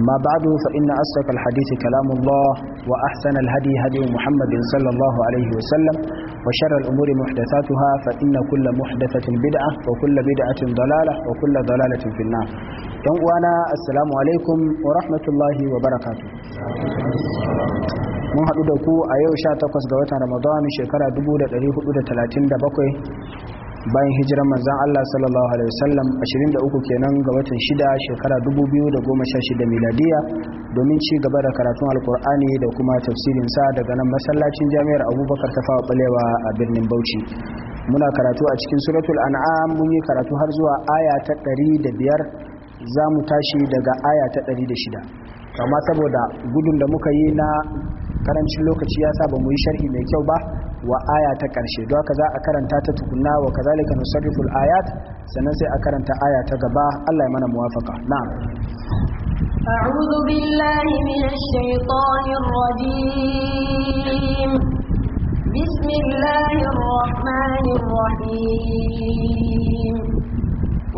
أما بعد فإن أصدق الحديث كلام الله وأحسن الهدي هدي محمد صلى الله عليه وسلم وشر الأمور محدثاتها فإن كل محدثة بدعة وكل بدعة ضلالة وكل ضلالة في النار وانا السلام عليكم ورحمة الله وبركاته mun haɗu da ku a yau 18 ga watan ramadan shekara 1437 bayan hijirar manzan Allah sallallahu alaihi wasallam 23 kenan ga watan 6 shekara 2016 miladiya domin ci gaba da karatun alkur'ani da kuma tafsirin sa daga nan masallacin jami'ar Abubakar ta fawa balewa a birnin Bauchi muna karatu a cikin suratul an'am mun yi karatu har zuwa aya ta 105 za mu tashi daga aya ta 106 amma saboda gudun da muka yi na karancin lokaci ya sa mu yi sharhi mai kyau ba wa aya ta ƙarshe don haka za a karanta ta tukunna wa kazalika nusarrifu ayat sannan sai a karanta aya ta gaba Allah ya mana muwafaka na'am a'udhu billahi minash shaitanir rajim bismillahir rahmanir rahim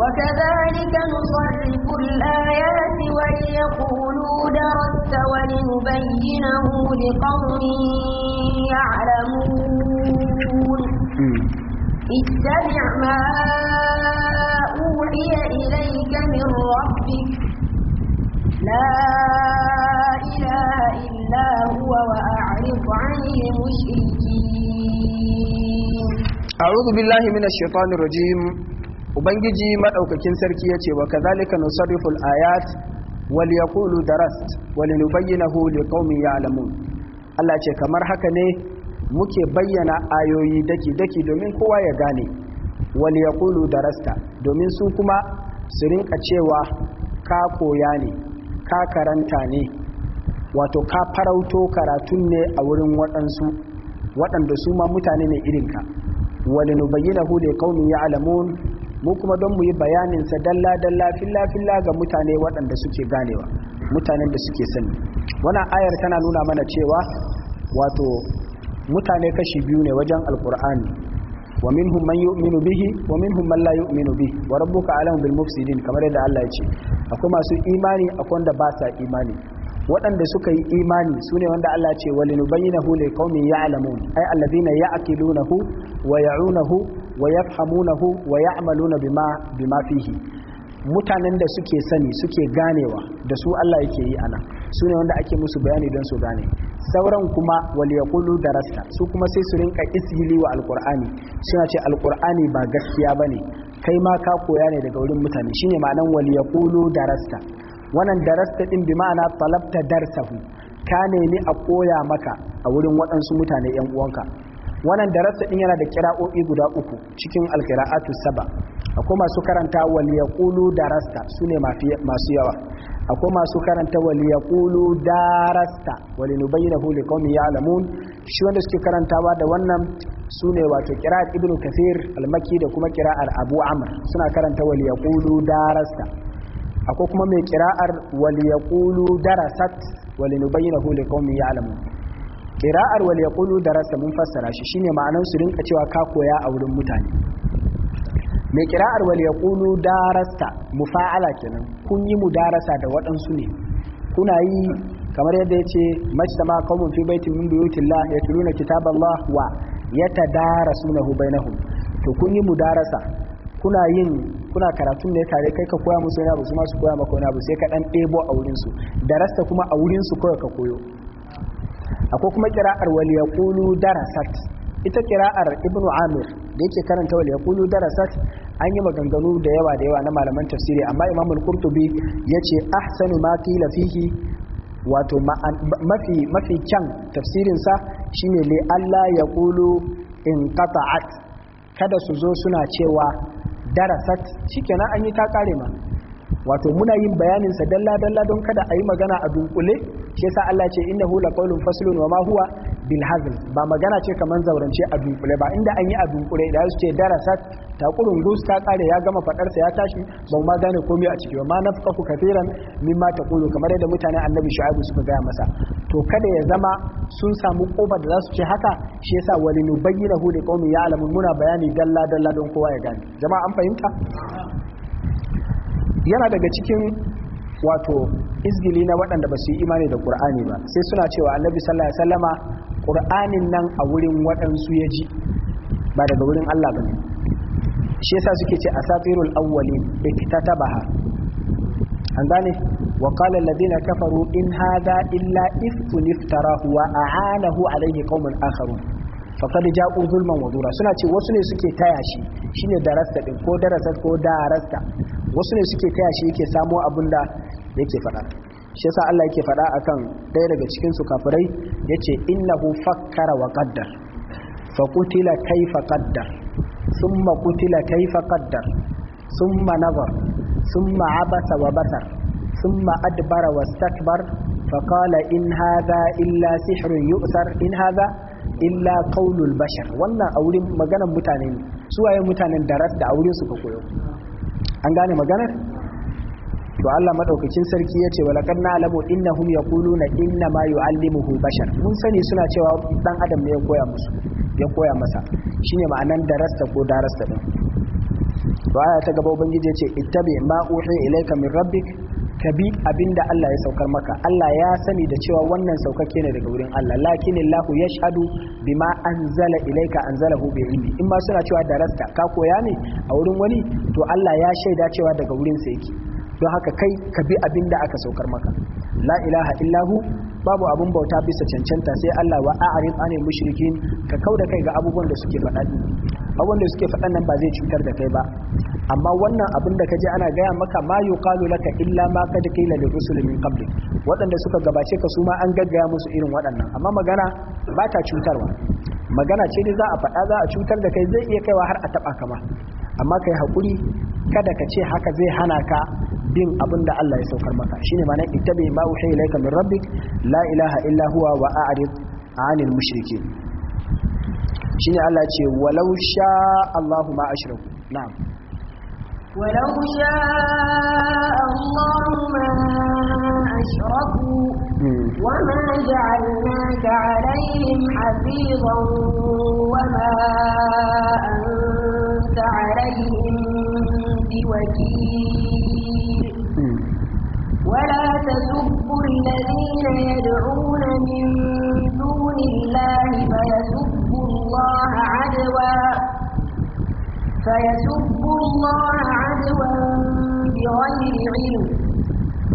وكذلك نصرف الآيات وليقولوا درست ولنبينه لقوم يعلمون اتبع ما أوحي إليك من ربك لا إله إلا هو وأعرض عن المشركين أعوذ بالله من الشيطان الرجيم ubangiji madaukakin sarki yace wa kazalika nusarrifu ayat wal yaqulu darast wal nubayyinahu ya ya'lamun Allah ce kamar haka ne muke bayyana ayoyi daki daki domin kowa ya gane wal yaqulu darasta domin su kuma su rinka cewa ka koya ne ka karanta ne wato ka farauto karatun ne a wurin waɗansu waɗanda su ma mutane ne irinka wal nubayyinahu ya ya'lamun mu kuma don mu yi bayanin sa dalla dalla filla filla ga mutane waɗanda suke ganewa mutanen da suke sani wannan ayar tana nuna mana cewa wato mutane kashi biyu ne wajen alkur'ani wa minhum man yu'minu bihi wa minhum man la yu'minu bihi wa rabbuka alamu bil mufsidin kamar yadda Allah ya ce akwai masu imani akwai wanda ba sa imani waɗanda suka yi imani su ne wanda Allah ce wali nubayyinahu li qaumin ya'lamun ay alladhina ya'qilunahu wa ya'unahu wa yafhamunahu wa ya'maluna bima bima fihi mutanen da suke sani suke ganewa da su Allah yake yi ana su ne wanda ake musu bayani don su gane sauran kuma wal da rasta su kuma sai su rinka isgili wa alqur'ani suna ce alqur'ani ba gaskiya bane kai ma ka koya ne daga wurin mutane shine ma'anan wal yaqulu darasta wannan darasta din bi ma'ana talabta darsahu ka nemi a koya maka a wurin waɗansu mutane yan uwanka wannan darasta din yana da kira'o'i guda uku cikin alqira'atu saba akwai masu karanta wal yaqulu darasta sune masu yawa akwai masu karanta wal yaqulu darasta wal nubayyinahu liqawmin ya'lamun shi wanda suke karantawa da wannan sune wato kira'at ibnu kathir al maki da kuma kira'ar abu amr suna karanta wal yaqulu darasta akwai kuma mai kira'ar wal yaqulu darasat wal nubayyinahu liqaumin alamu. kira'ar wal yaqulu mun fassara shi shine ma'anar su rinka cewa ka koya a wurin mutane mai kira'ar wal yaqulu darasta mufa'ala kenan kun yi darasa da waɗansu ne kuna yi kamar yadda yace majtama qaumun fi baitin min buyutillah yatluna kitaballah wa yatadarasunahu bainahum to kun yi mudarasa kuna yin kuna karatun ne tare kai ka koya musu wani ba su ma su koya maka wani abu sai ka dan ɗebo a wurin su darasta kuma a wurin su kawai ka koyo akwai kuma kira'ar wal yaqulu darasat ita kira'ar ibnu amir da yake karanta wal yaqulu darasat an yi maganganu da yawa da yawa na malaman tafsiri amma imam al-qurtubi yace ahsanu ma qila fihi wato mafi mafi kyan tafsirin sa shine li alla yaqulu in qata'at kada su zo suna cewa darasat kenan an yi ta kare ma wato muna yin bayanin sa dalla dalla don kada a yi magana a dunkule shi yasa Allah ce innahu laqawlun faslun wa ma huwa bil hazl ba magana ce kaman zaurance a dunkule ba inda an yi a dunkule da su ce darasa takurun rus ta kare ya gama fadar sa ya tashi ban ma gane komai a ciki ma nafqaku kafiran mimma taqulu kamar yadda mutane annabi shu'aibu suka gaya masa to kada ya zama sun samu ƙofa da za su ce haka shi yasa walinu bayyinahu ya ya'lamun muna bayani dalla dalla don kowa ya gani jama'a an fahimta yana daga cikin wato izgili na waɗanda ba su yi imani da ƙur'ani ba sai suna cewa annabi sallallahu alaihi wasallama ƙur'anin nan a wurin waɗansu ya ji ba daga wurin Allah ba ne shi yasa suke ce asatirul awwalin iktatabaha an gane wa qala alladhina kafaru in hadha illa ifkun iftarahu wa a'anahu alayhi qaumun akharun faqad ja'u zulman wa dura suna ce wasu ne suke taya shi shine darasta din ko darasa ko darasta wasu ne suke taya shi yake samo abin da yake faɗa shi yasa Allah yake faɗa akan ɗaya daga cikin su kafirai yace innahu fakkara wa qaddar fa qutila kayfa qaddar thumma qutila kayfa qaddar thumma nazar thumma abasa wa basar thumma adbara wastakbar fa qala in hadha illa sihrun yu'sar in hadha illa qaulul bashar wannan wurin maganan mutane ne suwaye mutanen da ras da aurin su ka koyo an gane maganar to Allah madaukakin sarki yace wala kad na'lamu innahum yaquluna inna ma yu'allimuhu bashar mun sani suna cewa dan adam ne ya koya musu ya koya masa shine ma'anan darasta ko darasta din to aya ta gaba ubangiji yace ittabi ma uhi ilayka min rabbik ka bi abin da Allah ya saukar maka Allah ya sani da cewa wannan saukake ne daga wurin Allah lakin Allah ya shahadu bima anzala ilaika anzalahu bi ilmi in ma suna cewa darasta ka koya ne a wurin wani to Allah ya shaida cewa daga wurin sa yake don haka kai ka bi abin da aka saukar maka la ilaha illahu babu abun bauta bisa cancanta sai Allah wa a'rid anil mushrikin ka kauda kai ga abubuwan da suke faɗa din abubuwan da suke faɗan nan ba zai cutar da kai ba amma wannan abin da ka kaje ana gaya maka ma yuqalu laka illa ma qad qila lir rusul min qablik waɗanda suka gabace ka su ma an gaggaya musu irin waɗannan amma magana ba ta cutarwa magana ce ne za a faɗa za a cutar da kai zai iya kaiwa har a taɓa kama amma kai haƙuri kada ka ce haka zai hana ka bin abin da Allah ya saukar maka shine ma nan ittabi ma uhiya ilayka min rabbik la ilaha illa huwa wa a'rid 'anil mushrikeen shine Allah ya ce walau sha Allahu ma ashraku na'am ولو شاء الله ما أشركوا وما جعلناك عليهم حفيظا وما أنت عليهم بوكيل ولا تسبوا الذين يدعون من دون الله فيسبوا الله عدوا فيسبوا الله عدوا بغير علم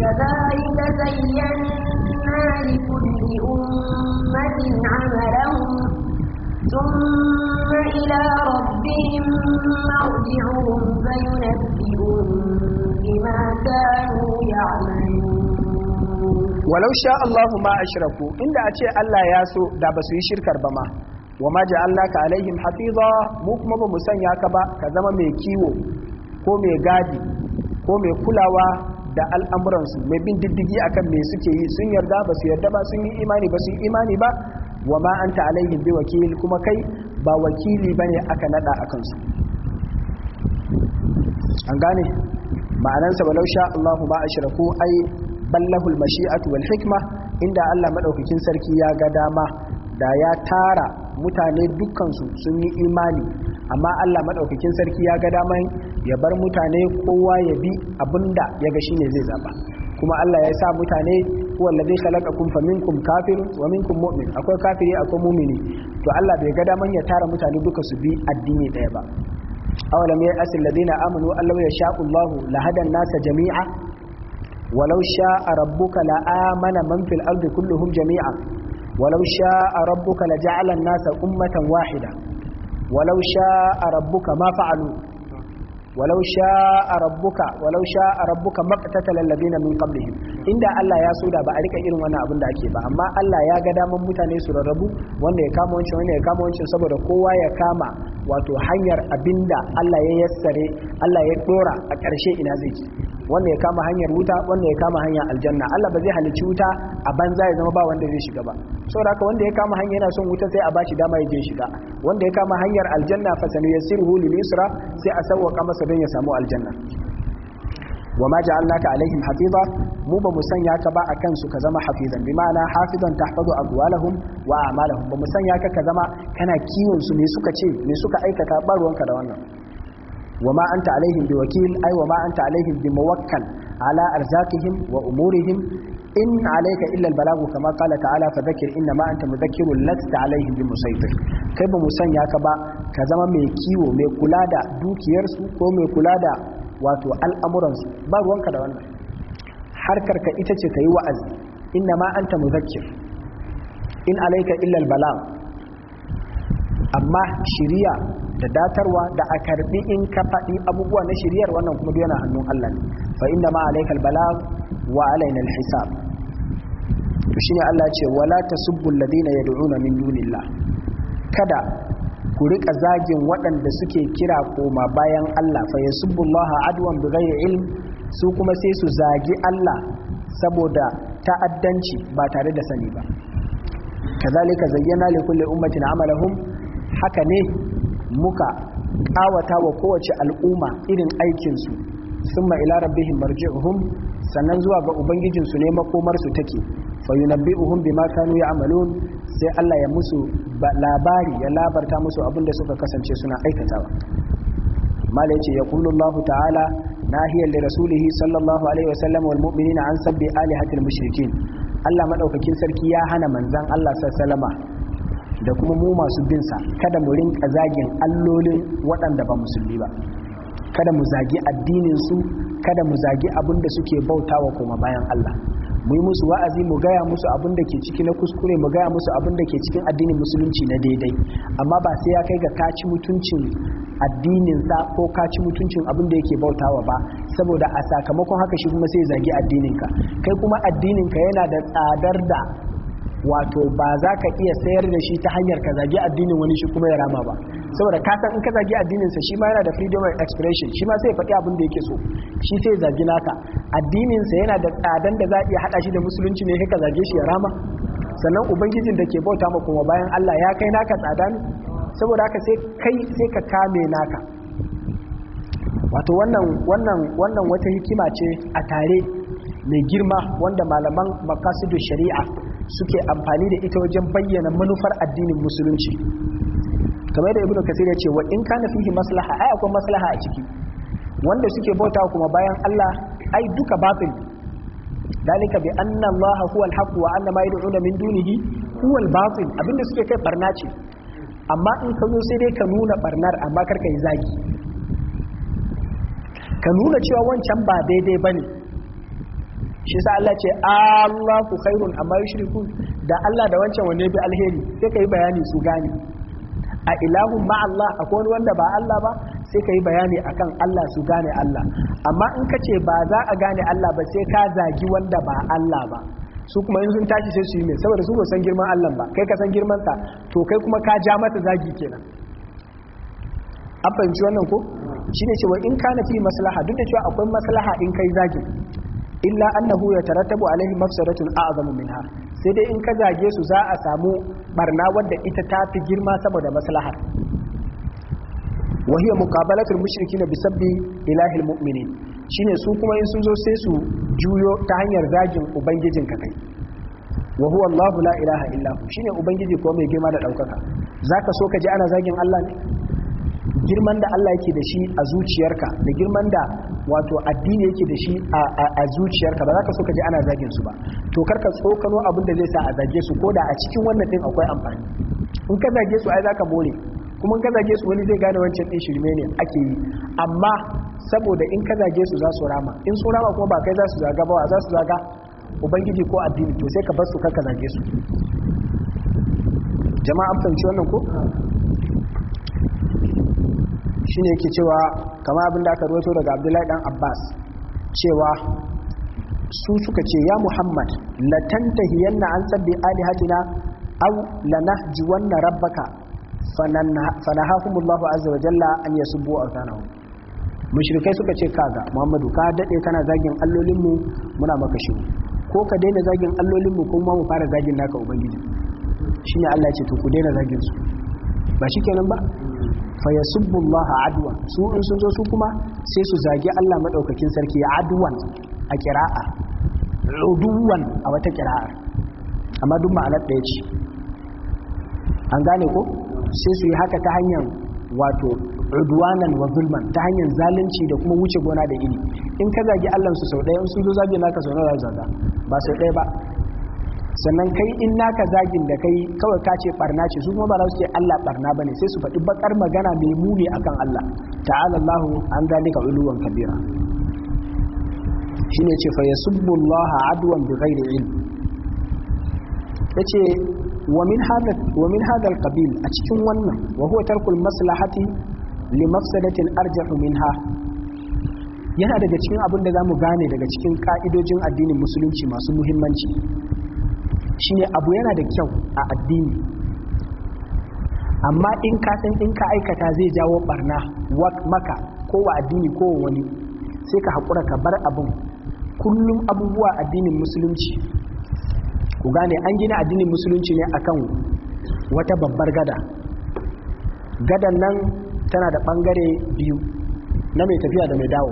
كذلك زينا لكل أمة عملهم ثم إلى ربهم مرجعهم فينبئهم walau sha Allah ma a shirku inda a ce Allah ya so da basu yi shirkar ba ma wa ma ji Allah ka alaihim hafi mu kuma bamu sanya ya ka ba ka zama mai kiwo ko mai gadi ko mai kulawa da al’amuransu mai bin diddigi a mai suke yi sun yarda ba su yarda ba sun yi imani ba sun yi imani ba wa ma an ta alaihim bi kuma kai ba wakili ba aka naɗa a kansu ma'anansa walau sha Allahu ma ashraku ai ballahul mashi'atu wal hikma inda Allah madaukakin sarki ya ga dama da ya tara mutane dukkansu sun yi imani amma Allah madaukakin sarki ya ga dama ya bar mutane kowa ya bi abinda ya ga shine zai zaba kuma Allah ya sa mutane wallazi khalaqakum faminkum kafir wa minkum mu'min akwai kafiri akwai mu'mini to Allah bai ga dama ya tara mutane duka su bi addini daya ba awalam ya asil na amanu allahu ya sha'u lahadan nasa jami'a walau sha'a rabbuka la amana man fil ardi kulluhum jami'a walau sha'a rabbuka la ja'ala nasa ummatan wahida walau sha'a rabbuka ma fa'alu walau sha'a rabbuka walau sha'a rabbuka maqtatal ladina min qablihim inda Allah ya so da ba a rika irin wannan abin da ake ba amma Allah ya ga damar mutane su rarrabu wanda ya kama wancan wanda ya kama wancan saboda kowa ya kama wato hanyar abinda Allah ya yassare Allah ya dora a ƙarshe ina zai ci. wanda ya kama hanyar wuta wanda ya kama hanyar aljanna Allah ba zai halicci wuta a banza ya zama ba wanda zai shiga ba saboda haka wanda ya kama hanyar yana son wuta sai a bashi dama ya je shiga wanda ya kama hanyar aljanna fa sanu yasiruhu lil yusra sai a sawwaka masa don ya samu aljanna wa ma ja'alnaka alaihim hafiza mu ba mu sanya ka ba akan su ka zama hafizan bi ma'ana hafizan tahfazu aqwalahum wa a'malahum ba mu sanya ka ka zama kana kiwon su me suka ce me suka aikata ba ruwanka da wannan wa ma anta alaihim bi wakil ai wa ma anta alaihim bi muwakkal ala arzaqihim wa umurihim in alayka illa albalagu kama qala ta'ala fadhakkir inna ma anta mudhakkirun lasta alaihim bi musaitir kai ba mu sanya ka ba ka zama mai kiwo mai kula da dukiyarsu ko mai kula da wato al'amuransu ba ruwanka da wannan harkar ka ita ce ka yi wa'azi inna ma anta muzakkir in alaika illal bala amma shiriya da datarwa da a karbi in ka faɗi abubuwa na shiriyar wannan kuma yana hannun Allah ne fa inna ma alaikal balag wa alaina alhisab to shine Allah ce wala tasubbu alladhina yad'una min dunillah kada ku rika zagin waɗanda suke kira koma bayan Allah fa yasubbullaha adwan bighairi ilm su kuma sai su zagi Allah saboda ta'addanci ba tare da sani ba kazalika zayyana li kulli ummatin amalahum haka ne muka kawata wa kowace al'umma irin aikin su summa ila rabbihim marji'uhum sannan zuwa ga ubangijin su ne makomar su take fa yunabbi'uhum bima kanu ya'malun sai Allah ya musu labari ya labarta musu abin da suka kasance suna aikatawa mala yace yaqulu Allahu ta'ala nahiyan li rasulihi sallallahu alaihi sallam wal mu'minina an sabbi alihatil mushrikin Allah madaukakin sarki ya hana manzan Allah sallama da kuma mu masu bin sa kada mu rinka zagin allolin waɗanda ba musulmi ba kada mu zagi addinin su kada mu zagi abin da suke bautawa kuma bayan Allah mu yi musu wa'azi mu gaya musu abin da ke ciki na kuskure mu gaya musu abin da ke cikin addinin musulunci na daidai amma ba sai ya kai ga kaci mutuncin addininsa ko kaci mutuncin abin da yake bautawa ba saboda a sakamakon haka shi kuma sai zagi addininka kai kuma addinin ka yana da tsadar da wato ba za ka iya sayar da shi ta hanyar ka zagi addinin wani shi kuma ya rama ba saboda ka san in ka zagi addinin sa shi ma yana da freedom of expression shi ma sai faɗi abin da yake so shi sai zagi naka addinin sa yana da tsadan da za a iya hada shi da musulunci ne ka zage shi ya rama sannan ubangijin da ke bauta ma kuma bayan Allah ya kai naka tsada ne saboda haka sai kai sai ka kame naka wato wannan wannan wannan wata hikima ce a tare mai girma wanda malaman makasudu shari'a suke amfani da ita wajen bayyana manufar addinin musulunci kamar yadda ibnu kasir ya ce wa in kana fihi maslaha ai akwai maslaha a ciki wanda suke bauta kuma bayan Allah ai duka batil dalika bi anna Allah huwa al-haq wa anna ma yad'una min dunihi huwa al-batil abinda suke kai barna ce amma in ka zo sai dai ka nuna barnar amma karka yi zagi ka nuna cewa wancan ba daidai bane shi sa Allah ce Allahu khairun amma yushrikun da Allah da wancan wanne bi alheri sai kai bayani su gane a ilahu ma Allah akwai wani wanda ba Allah ba sai kai bayani akan Allah su gane Allah amma in ka ce ba za a gane Allah ba sai ka zagi wanda ba Allah ba su kuma in sun tashi sai su yi mai saboda su ba san girman Allah ba kai ka san girman ta to kai kuma ka ja mata zagi kenan an fahimci wannan ko shine cewa in ka kana fi maslaha duk da cewa akwai maslaha in kai zagi illa annahu yatarattabu alaihi mafsadatun a'zamu minha sai dai in ka zage su za a samu barna wadda ita ta fi girma saboda maslahar wahiyar muqabalatul mushrikina bisabbi ilahil mu'minin shine su kuma in sun zo sai su juyo ta hanyar zagin ubangijin ka kai wa huwa Allahu la ilaha illa hu shine ubangiji ko mai girma da daukaka zaka so ka ji ana zagin Allah ne girman da Allah yake da shi a zuciyarka da girman da wato addini yake da shi a zuciyarka ba za ka so ka ji ana zagin su ba to karka tsokano abin da zai sa a zage su ko da a cikin wannan din akwai amfani in ka zage su ai za ka bore kuma in ka zage su wani zai gane wancan din shirme ne ake yi amma saboda in ka zage su za su rama in su rama kuma ba kai za su zaga ba za su zaga ubangiji ko addini to sai ka bar su karka zage su jama'a amfanci wannan ko ne ke cewa kama abin da aka roto daga abdullahi dan abbas cewa su suka ce ya muhammad na an sabbi alihatina ji wannan rabbaka fanahahumullahu azza wa jalla an a awtanahum mashirkai suka ce kaga muhammadu ka dade kana zagin allolinmu muna maka shi ko ka daina zagin allolinmu ko ma mu fara zagin naka ubangiji shi ne Allah ce to ku daina zagin su ba shi kenan ba fa yasubbullaha adwa su in sun zo su kuma sai su zagi Allah madaukakin sarki adwan a kira'a ruduwan a wata kira'a amma duk ma'anar ɗaya ce an gane ko sai su yi haka ta hanyar wato ruduwanan wa zulman ta hanyar zalunci da kuma wuce gona da ini in ka zagi Allah su sau ɗaya in sun zo zagi naka sau nawa zaga ba sau ɗaya ba sannan kai in naka zagin da kai kawai ka ce barna ce su kuma ba za su ce Allah barna bane sai su faɗi baƙar magana mai muni akan Allah ta'ala Allahu an zalika uluwan kabira shine ce fa yasubbu Allah adwan bi ghairi ilm yace wa min wa min hada al a cikin wannan wa huwa tarkul maslahati li mafsadatin arjahu minha yana daga cikin abin da za mu gane daga cikin ka'idojin addinin musulunci masu muhimmanci Shin abu yana da kyau a addini amma in ka san in ka aikata zai jawo barna maka ko wa addini ko wani sai ka haƙura ka bar abin kullum abubuwa addinin musulunci ku gane an gina addinin musulunci ne akan wata babbar gada gadan nan tana da ɓangare biyu na mai tafiya da mai dawo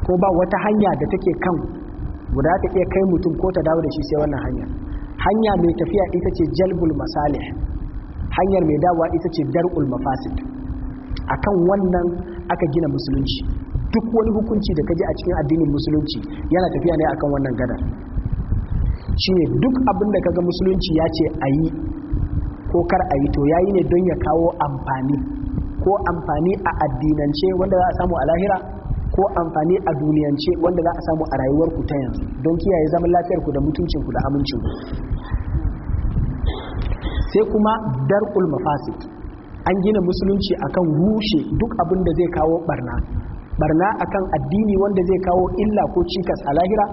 ko ba wata hanya da take kan guda ta iya kai mutum ko ta dawo da shi sai wannan hanya hanya mai tafiya ita ce jalbul masalih hanyar mai dawa ita ce dar'ul mafasid akan wannan aka gina musulunci duk wani hukunci da kaje a cikin addinin musulunci yana tafiya ne akan wannan gadar ne duk abin da kaga musulunci ya ce a yi ko kar a yi to yayi ne don ya kawo amfani ko amfani a addinance wanda za a samu a lahira ko amfani a duniyance wanda za a samu a rayuwar ku ta yanzu don kiyaye zaman ku da mutuncinku da ku. sai kuma darkul mafasid an gina musulunci akan rushe duk abin da zai kawo barna barna akan addini wanda zai kawo illa ko cikas a lahira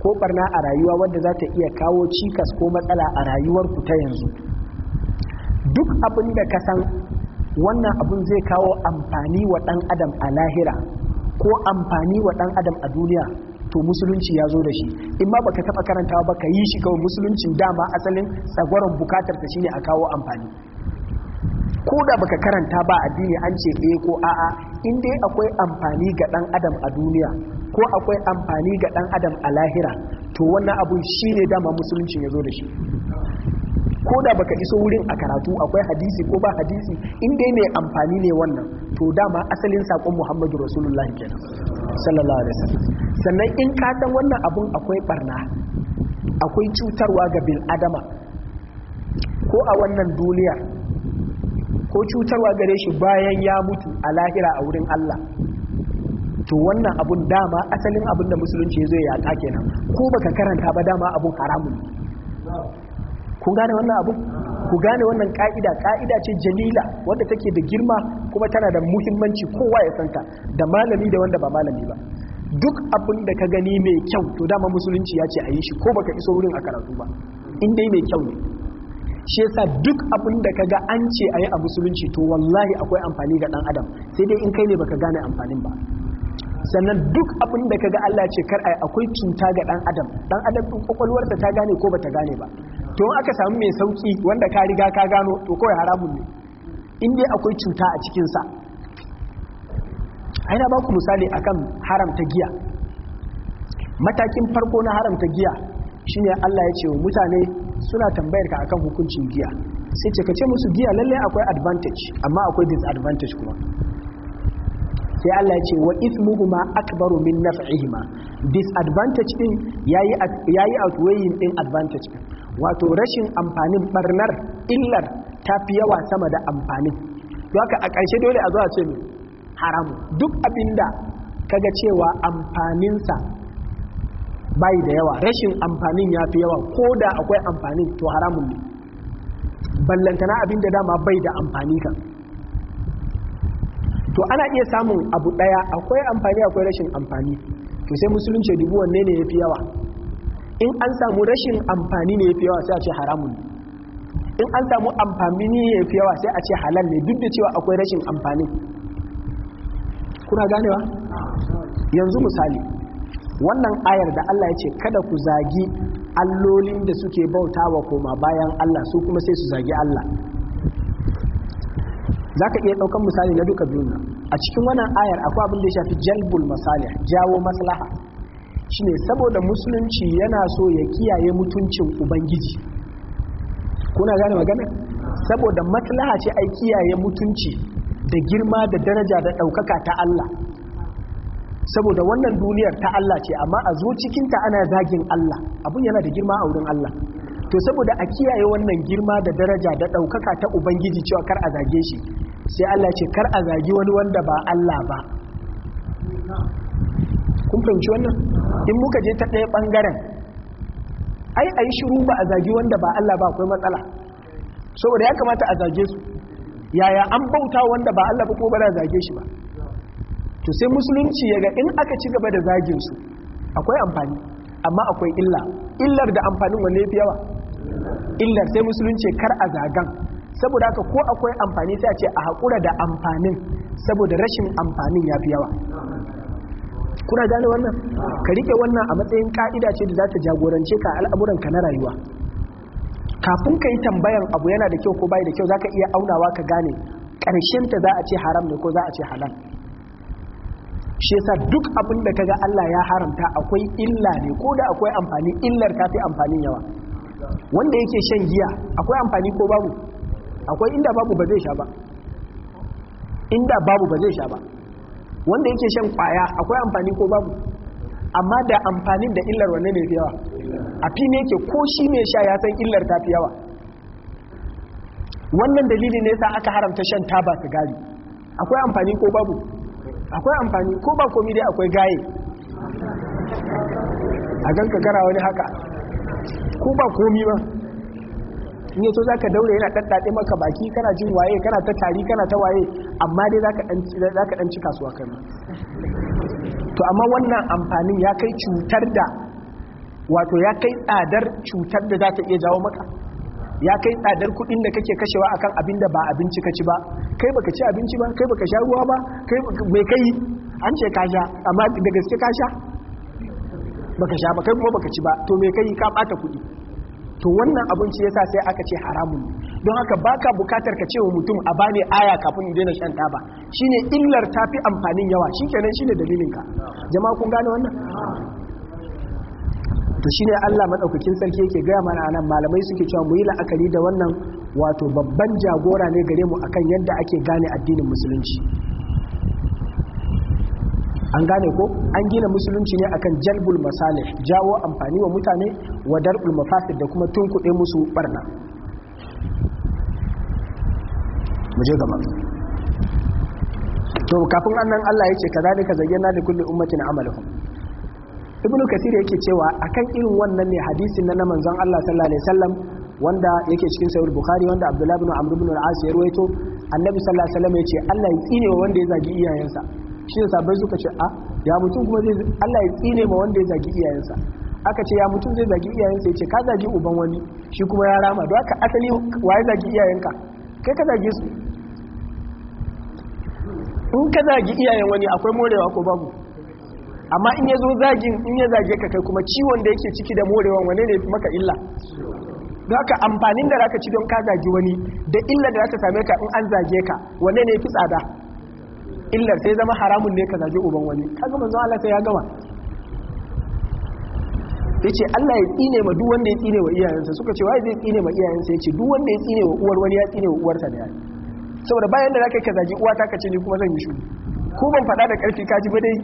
ko barna a rayuwa wanda za ta iya kawo cikas ko matsala a rayuwar ku ta yanzu duk abin da ka san wannan abin zai kawo amfani wa ɗan adam a lahira ko amfani wa ɗan adam a duniya to musulunci ya zo da shi in ma baka taba karanta ba ka yi shi kawai musuluncin dama asalin tsagwaron bukatar ta shine a kawo amfani ko da baka karanta ba addini an ce eh ko a'a in dai akwai amfani ga ɗan adam a duniya ko akwai amfani ga ɗan adam a lahira to wannan abun shine dama musuluncin ya zo da shi ko da baka iso wurin a karatu akwai hadisi ko ba hadisi in dai mai amfani ne wannan to dama asalin sakon muhammadu rasulullahi kenan sallallahu alaihi wasallam sannan in ka san wannan abun akwai barna akwai cutarwa ga bil adama ko a wannan duniya ko cutarwa gare shi bayan ya mutu a lahira a wurin Allah to wannan abun dama asalin abun da musulunci ya zo ya yaka kenan ko baka karanta ba dama abun haramun kun gane wannan abu ku gane wannan ka'ida ka'ida ce jalila wanda take da girma kuma tana da muhimmanci kowa ya santa da malami da wanda ba malami ba duk abin da ka gani mai kyau to dama musulunci ya ce a yi shi ko baka iso wurin a karatu ba in dai mai kyau ne shi yasa duk abin da ka ga an ce a yi a musulunci to wallahi akwai amfani ga dan adam sai dai in kai ne baka gane amfanin ba sannan duk abin da ga Allah ce kar ai akwai cuta ga dan adam dan adam din kwakwalwarsa ta gane ko bata gane ba to aka samu mai sauki wanda ka riga ka gano to kawai haramun ne in akwai cuta a cikinsa aina ba ku misali akan haramta giya matakin farko na haramta giya shine Allah ya ce wa mutane suna tambayar ka akan hukuncin giya sai ce ka ce musu giya lalle akwai advantage amma akwai disadvantage kuma sai Allah ya ce wa aka akbaru min naf'ihima disadvantage din yayi yayi outweighing din advantage wato rashin amfanin barnar illar ta fi yawa sama da amfanin don haka a ƙarshe dole a zuwa ce haramu duk abinda kaga cewa amfaninsa bai da yawa rashin amfanin ya fi yawa ko da akwai amfanin to haramun ne ballantana abinda dama bai da amfani kan to ana iya samun abu ɗaya akwai amfani akwai rashin amfani to sai musulunci dubu wanne ne ya fi yawa in an samu rashin amfani ne fi yawa sai a ce haramun in an samu amfani ne ya fi yawa sai a ce halal ne duk da cewa akwai rashin amfani kuna ganewa yanzu misali wannan ayar da Allah ya ce kada ku zagi allolin da suke bauta wa koma bayan Allah su kuma sai su zagi Allah za ka iya ɗaukan misali na duka biyun a cikin wannan ayar akwai abin da ya shafi jalbul masalih jawo maslaha shine saboda musulunci yana so ya kiyaye mutuncin ubangiji kuna gane magana saboda maslaha ce ai kiyaye mutunci da girma da daraja da ɗaukaka ta Allah saboda wannan duniyar ta Allah ce amma a zo cikinta ana zagin Allah abun yana da girma a wurin Allah to saboda a kiyaye wannan girma da daraja da ɗaukaka ta ubangiji cewa kar a zage shi sai Allah ce kar a zagi wani wanda ba Allah ba kun fahimci wannan in muka je ta ɗaya ɓangaren ai a yi shiru ba a zagi wanda ba Allah ba akwai matsala saboda ya kamata a zage su yaya an bauta wanda ba Allah ba ko ba da zage shi ba to sai musulunci ya ga in aka ci gaba da zagin su akwai amfani amma akwai illa illar da amfanin wanne fi yawa illar sai musulunci kar a zagan saboda haka ko akwai amfani sai a ce a haƙura da amfanin saboda rashin amfanin ya fi yawa kuna gane wannan ka rike wannan a matsayin ka'ida ce da za ta jagorance ka ka na rayuwa kafin ka yi tambayan abu yana da kyau ko bai da kyau za ka iya aunawa ka gane ta za a ce haram ne ko za a ce halal shi yasa duk abin da kaga Allah ya haramta akwai illa ne ko da akwai amfani illar ta fi amfanin yawa wanda yake shan giya akwai amfani ko babu akwai inda babu ba zai sha ba inda babu ba zai sha ba wanda yake shan kwaya akwai amfani ko babu amma da amfanin da illar wanne ne yawa a ne ke ko shi mai sha ya san illar ta fi yawa wannan dalili ne sa aka haramta shan taba sigari akwai amfani ko babu akwai amfani ko ba komi dai akwai gaye a ganka gara wani haka ko ba komi ba in za ka daure yana daddade maka baki kana jin waye kana ta tari kana ta waye amma dai za ka ɗanci kasuwa kan to amma wannan amfanin ya kai cutar da wato ya kai tsadar cutar da za ta iya jawo maka ya kai tsadar kudin da kake kashewa akan abin da ba abinci ka ci ba kai baka ci abinci ba kai baka sha ruwa ba kai mai kai an ce ka sha amma da gaske ka sha baka sha ba kai kuma baka ci ba to mai kai ka bata kudi to wannan abinci yasa sai aka ce haramun don haka baka bukatar ka ce wa mutum a bani aya kafin in daina shan taba shine illar tafi amfanin yawa shikenan shine dalilin ka jama'a kun gane wannan to shine Allah madaukakin sarki yake gaya mana anan malamai suke cewa mu yi la'akari da wannan wato babban jagora ne gare mu akan yadda ake gane addinin musulunci an gane ko an gina musulunci ne akan jalbul masalih jawo amfani wa mutane wa darbul mafasid da kuma tunkuɗe musu barna mu je gaba to kafin annan Allah ya ce kazalika zayyana li kulli ummatin amalahum ibnu kasir yake cewa akan irin wannan ne hadisin na manzon Allah sallallahu alaihi wasallam wanda yake cikin sahih bukhari wanda abdullahi ibn amr ibn al-as ya ruwaito annabi sallallahu alaihi wasallam ya ce Allah ya tsine wa wanda ya zagi iyayensa shi da sabai suka ce a ya mutum kuma zai Allah ya tsine ma wanda ya zagi iyayensa aka ce ya mutum zai zagi iyayensa ya ce ka zagi uban wani shi kuma ya rama da aka asali waye zagi iyayenka kai ka zagi su in ka zagi iyayen wani akwai morewa ko babu amma in ya zo zagin in ya zage ka kai kuma ciwon da yake ciki da morewan wane ne maka illa don haka amfanin da zaka ci don ka zagi wani da illa da za ta same ka in an zage ka wane ne fi tsada illar sai zama haramun ne ka zagi uban wani kaga manzo Allah sai ya gama yace Allah ya tsine ma duk wanda ya tsine wa iyayensa suka ce wai zai tsine ma iyayensa yace duk wanda ya tsine wa uwar wani ya tsine wa uwarsa da yayi saboda bayan da zaka ka zagi uwa ta kace ni kuma zan yi shuru ko ban fada da karfi ka ji ba dai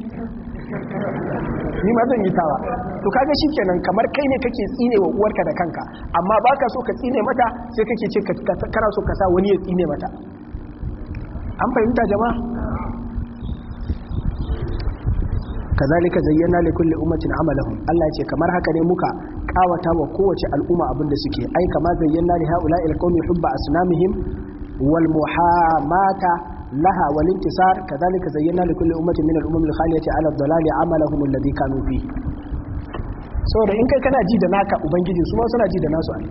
ni ma zan yi tawa to kaga shikenan kamar kai ne kake tsine wa uwarka da kanka amma baka so ka tsine mata sai kake ce ka kana so ka sa wani ya tsine mata an fahimta jama'a kazalika zayyana li kulli ummatin amalahum Allah ce kamar haka ne muka kawata wa kowace al'umma abin da suke ai kama zayyana li haula'i alqawmi hubba asnamihim wal muhamata laha wal intisar kazalika zayyana li kulli ummatin min al-umam al-khaliyati ala ad-dalali amalahum alladhi kanu fi saboda in kai kana ji da naka ubangiji su ma suna ji da nasu ai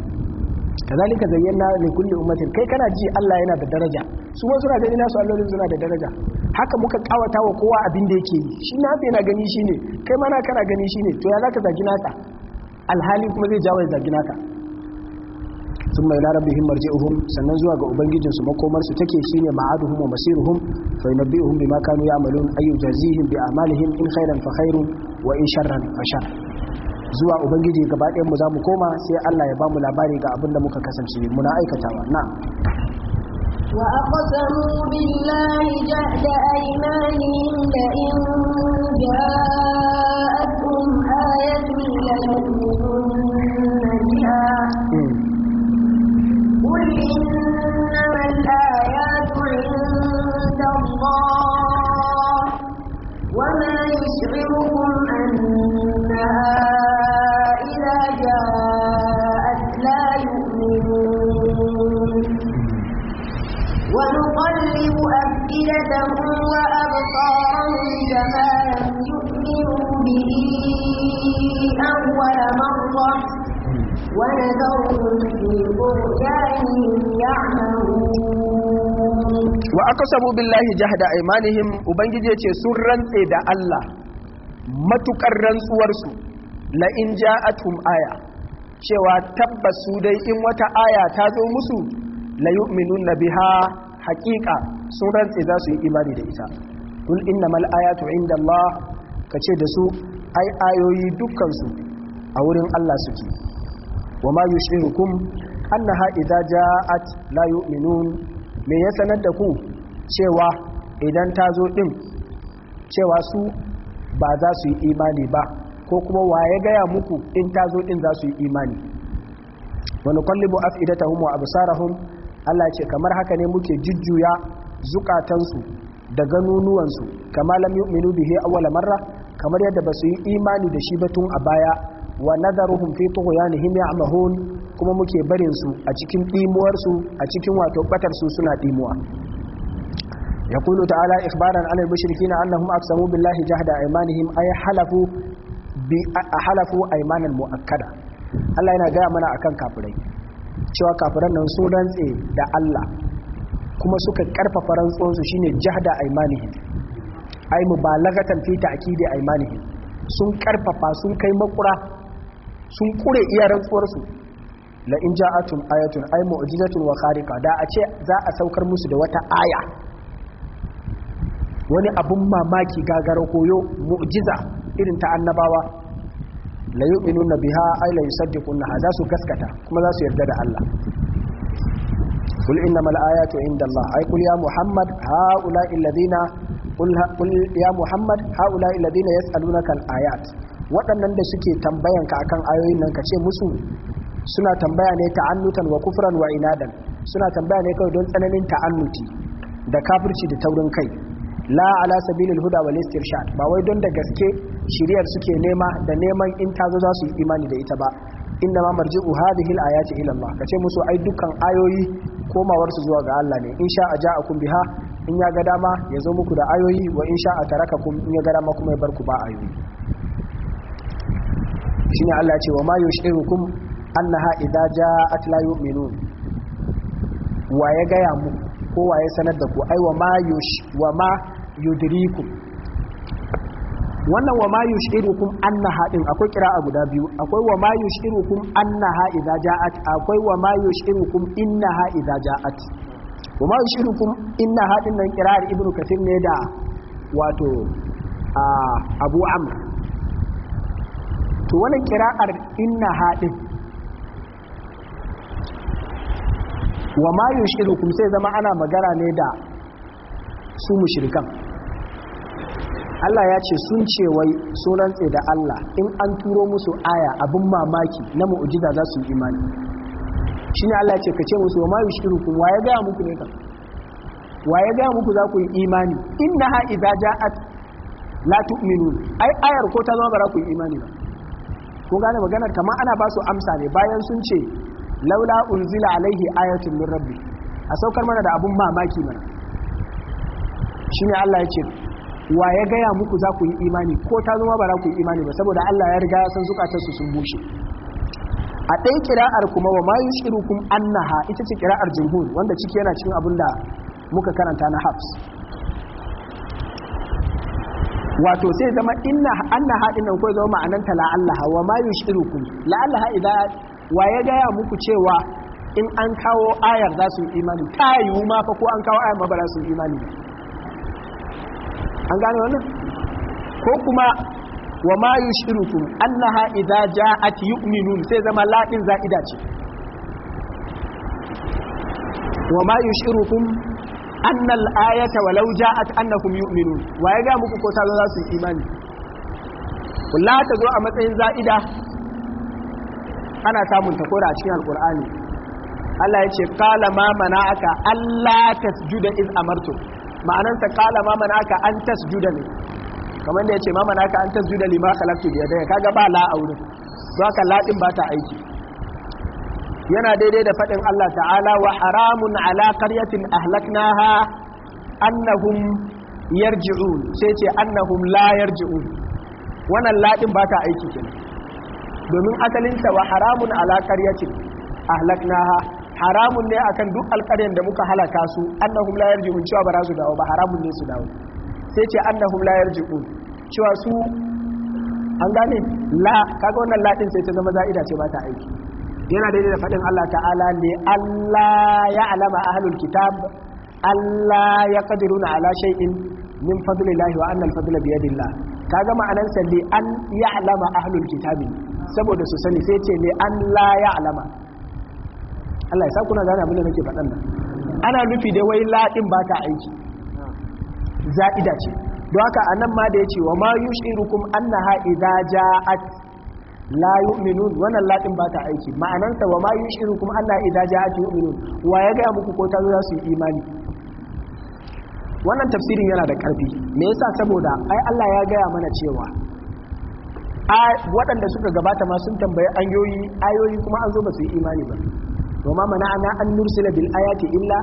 kazalika zayyana li kulli ummatin kai kana ji Allah yana da daraja su wasu na gani nasu allolin suna da daraja haka muka kawata wa kowa abin da yake yi shi na na gani shine kai mana kana gani shine to ya zaka zagi naka alhali kuma zai jawo ya zagi naka sun mai ji marji'uhum sannan zuwa ga ubangijinsu makomarsu take shine ma'aduhum wa masiruhum fa yunabbi'uhum bima kanu ya'malun ayu jazihim bi a'malihim in khairan fa khairun wa in sharran fa zuwa ubangiji gaba ɗayan mu za mu koma sai Allah ya ba mu labari ga abin da muka kasance muna aikatawa na وأقسموا بالله جهد أيمانهم لئن جاءتهم آية ليؤمنن بها قل إنما الآيات عند الله أَسْمَعَتَهُمْ da Wa aka billahi jahada imanihim Ubangiji ce sun rantse da Allah matukar rantsuwarsu la in aya cewa tabbas su dai in wata aya ta zo musu la yu'minuna biha haƙiƙa sun rantse za su yi imani da ita kul mal'aya ayatu inda Allah ka ce da su ai ayoyi dukkansu a wurin Allah suke wa ma yushirukum annaha idza ja'at la yu'minun me ya sanar da ku cewa idan ta zo din cewa su ba za su yi imani ba ko kuma waye gaya muku in ta zo din za su yi imani wa nuqallibu afidatahum wa absarahum Allah ce kamar haka ne muke jujjuya zukatansu da ganunuwansu kama lam yu'minu bihi awwala marra kamar yadda ba su yi imani da shi ba tun a baya wa nadaruhum fi tughyanihim ya'mahun kuma muke barin su a cikin dimuwar su a cikin wato batar su suna dimuwa يقول تعالى إخبارا عن annahum aqsamu billahi jahda aymanihim ay halafu bi ahalafu aymanan mu'akkada Allah yana gaya mana akan kafirai cewa kafiran nan su rantse da Allah kuma suka karfafa rantsuwansu shine jahda aimanihim ai mubalagatan fi ta'kidi aimanihim sun karfafa sun kai makura sun kure iya su la in ja'atun ayatun ay mu'jizatun wa khariqa da a ce za a saukar musu da wata aya wani abun mamaki gagara koyo mu'jiza irin ta annabawa la yu'minuna biha ay la yusaddiqunha za su gaskata kuma za su yarda da Allah قل إنما الآيات عند ya أي قل يا محمد هؤلاء الذين قل يا محمد هؤلاء الذين يسألونك waɗannan da suke tambayanka akan ayoyin nan ka ce musu suna tambaya ne ta'annutan wa kufran wa inadan suna tambaya ne kawai don tsananin ta'annuti da kafirci da taurin kai la ala sabilil huda wal istirshad ba wai don da gaske shiriyar suke nema da neman in ta zo za su yi imani da ita ba inda ma marji uhadi hil ayati ila Allah kace musu ai dukkan ayoyi komawar su zuwa ga Allah ne in sha ja'akum biha in ya ga dama ya zo muku da ayoyi wa in sha atarakakum in ya ga dama kuma ya bar ku ba ayoyi shine Allah ya ce wa ma yushirukum annaha idza ja'at la yu'minun wa ya ga ya mu ko wa ya sanar da ku ai wa ma yush wa ma yudrikum wannan wa ma yushirukum annaha din akwai kira'a guda biyu akwai wa ma yushirukum annaha idza ja'at akwai wa ma yushirukum innaha idza ja'at wa ma yushirukum innaha din nan kira'ar ibnu kathir ne da wato abu amr to wannan kira'ar innaha din wa ma yushirukum sai zama ana magana ne da su mushrikan Allah ya ce sun ce wai sunan tsaye da Allah in an turo musu aya abin mamaki na mu'ujiza za su yi imani ne Allah ya ce ka ce musu wa ma yushirukum wa ya gaya muku ne ka wa ya gaya muku za ku yi imani ha idza ja'at la tu'minun ai ayar ko ta zama ba za ku yi imani ba ko gane maganar kamar ana ba su amsa ne bayan sun ce laula unzila alaihi ayatun min rabbi a saukar mana da abin mamaki mana ne Allah ya ce wa ya gaya muku za ku yi imani ko ta zama ba za ku yi imani ba saboda Allah ya riga san san zukatarsu sun bushe a ɗaya kira'ar kuma wa ma yushirukum annaha ita ce kira'ar jumhur wanda ciki yana cikin abin da muka karanta na hafs wato sai zama inna annaha din nan ko zama ma'anan ta la'allah wa ma idan wa ya gaya muku cewa in an kawo ayar za su yi imani ta yiwu ma fa ko an kawo ayar ma ba za su yi imani ba an gane wannan ko kuma wa ma yushirukum annaha idza ja'at yu'minun sai zama laɗin za'ida ce wa ma yushirukum annal ayata walau ja'at annakum yu'minun waye ga muku ko tazo za su yi imani kullu ta zo a matsayin za'ida ana samun ta a cikin alqur'ani Allah ya ce qala ma mana'aka alla tasjuda iz amartu ma'anansa qala mamana manaka an tasjuda ne kamar da yace mamana manaka an tasjuda lima khalaqtu bi yadayya kaga ba la aure don haka la din ba ta aiki yana daidai da fadin Allah ta'ala wa haramun ala qaryatin ahlaknaha annahum yarji'un sai ce annahum la yarji'un wannan la ba ta aiki kenan domin asalinsa wa haramun ala qaryatin ahlaknaha haramun ne akan duk alƙaryan da muka halaka su annahum la yarji'un cewa ba za su dawo ba haramun ne su dawo sai ce annahum la yarji'un cewa su an gane la kaga wannan din sai ta zama za'ida ce ba ta aiki yana daidai da faɗin Allah ta'ala ne Allah ya alama ahlul kitab Allah ya qadiruna ala shay'in min fadlillahi wa anna al-fadla bi yadillah kaga ma'anar sa li an ya'lama ahlul kitab saboda su sani sai ce ne an la ya'lama Allah ya sa kuna gane abin da nake faɗan nan ana nufi da wai laɗin ba ta aiki za'ida ce don haka anan ma da ya ce wa ma yushirukum annaha idza ja'at la yu'minun wannan laɗin ba ta aiki sa wa ma yushirukum annaha idza ja'at yu'minun wa ya ga muku ko ta zo za su yi imani wannan tafsirin yana da ƙarfi me yasa saboda ai Allah ya gaya mana cewa waɗanda suka gabata ma sun tambayi ayoyi ayoyi kuma an zo ba su yi imani ba ana an nursila bil ayati illa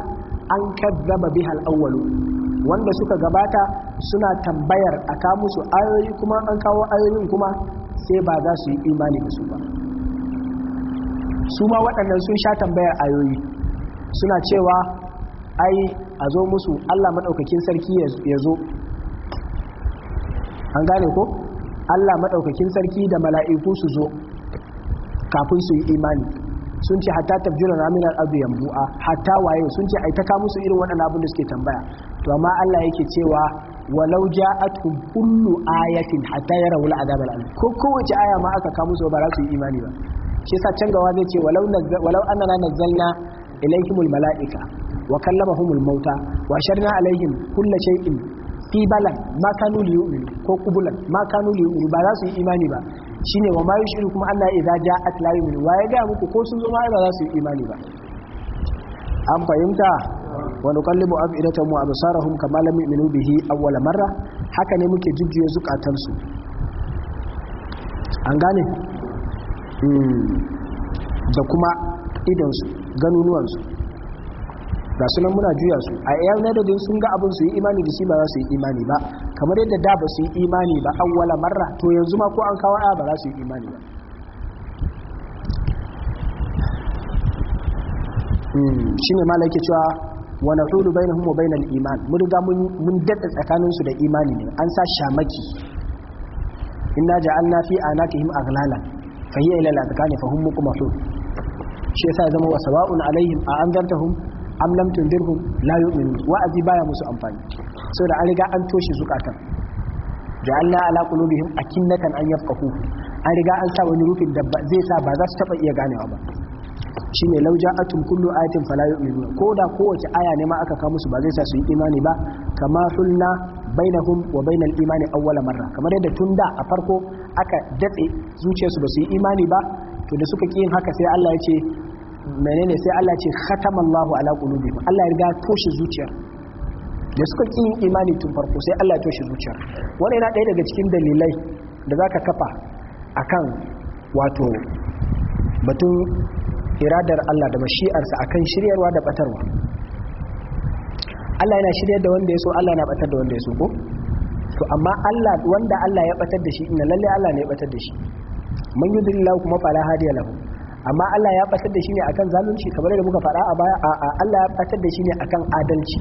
an kazzaba بها الأولون wanda suka gabata suna tambayar a musu ayoyi kuma an kawo ayoyin kuma sai ba za su yi imani da su ba su ma waɗannan sun sha tambayar ayoyi suna cewa ai a zo musu allah maɗaukakin sarki ya zo an gane ko allah maɗaukakin sarki da mala'iku su zo kafin su yi imani sun ce hatta tafjuna na minal ardu yanbu'a hatta waye sun ce ai ta ka musu irin waɗannan abun da suke tambaya to amma Allah yake cewa walau ja'atkum kullu ayatin hatta yarawul adab al ko kowace aya ma aka ka musu ba za su yi imani ba shi yasa can gawa zai ce walau walau annana nazzalna ilaihimul mala'ika wa kallamahumul mauta wa sharna alaihim kullu shay'in fi balan ma kanu liyu'minu ko qubulan ma kanu liyu'minu ba za su yi imani ba Shi ne wa mayu yushiru kuma Allah idza ja'at la yu'minu wa ya ga muku ko sun zo ma ba za su yi imani ba an fahimta wa nuqallibu a wa absarahum kama lam yu'minu bihi awwal marra haka ne muke jujjuya zukatan su an gane hmm. da kuma idan su ga sunan muna juya su a yan nadadin sun ga abin su yi imani da shi ba za su yi imani ba kamar yadda da ba su yi imani ba awwala marra to yanzu ma ko an kawo aya ba za su yi imani ba hmm, shi ne yake cewa wa nahulu bainahum wa bainal iman mun riga mun dadda tsakanin su da imani ne an sa shamaki inna na fi anakihim ka fa a ila al-adqani fahimmu kuma so shi ya yasa zama wa sawa'un alayhim a an anzartahum am lam tundirhum la wa wa'azi baya musu amfani saboda an riga an toshe zukatan ja'alna ala qulubihim akinnatan an yafqahu an riga an sa wani rufin da zai sa ba za su taba iya ganewa ba shine law ja'atum kullu ayatin fala yu'minu ko da kowace aya ne ma aka kawo musu ba zai sa su yi imani ba kama sunna bainahum wa bainal imani awwala marra kamar yadda tun da a farko aka datse zuciyarsu ba su yi imani ba to da suka ki yin haka sai Allah ya ce menene sai Allah ce khatamallahu ala qulubihim Allah ya riga toshe zuciyar da suka ki yin imani tun farko sai Allah ya toshe zuciyar wani yana ɗaya daga cikin dalilai da zaka kafa akan wato batun iradar Allah da sa akan shiryarwa da batarwa Allah yana shiryar da wanda ya so Allah na batar da wanda ya so ko to amma Allah wanda Allah ya batar da shi inna lalle Allah ne ya batar da shi man yudillahu kuma fala hadiya lahu amma Allah ya batar da shi ne akan zalunci kamar da muka fara a baya a Allah ya batar da shi ne akan adalci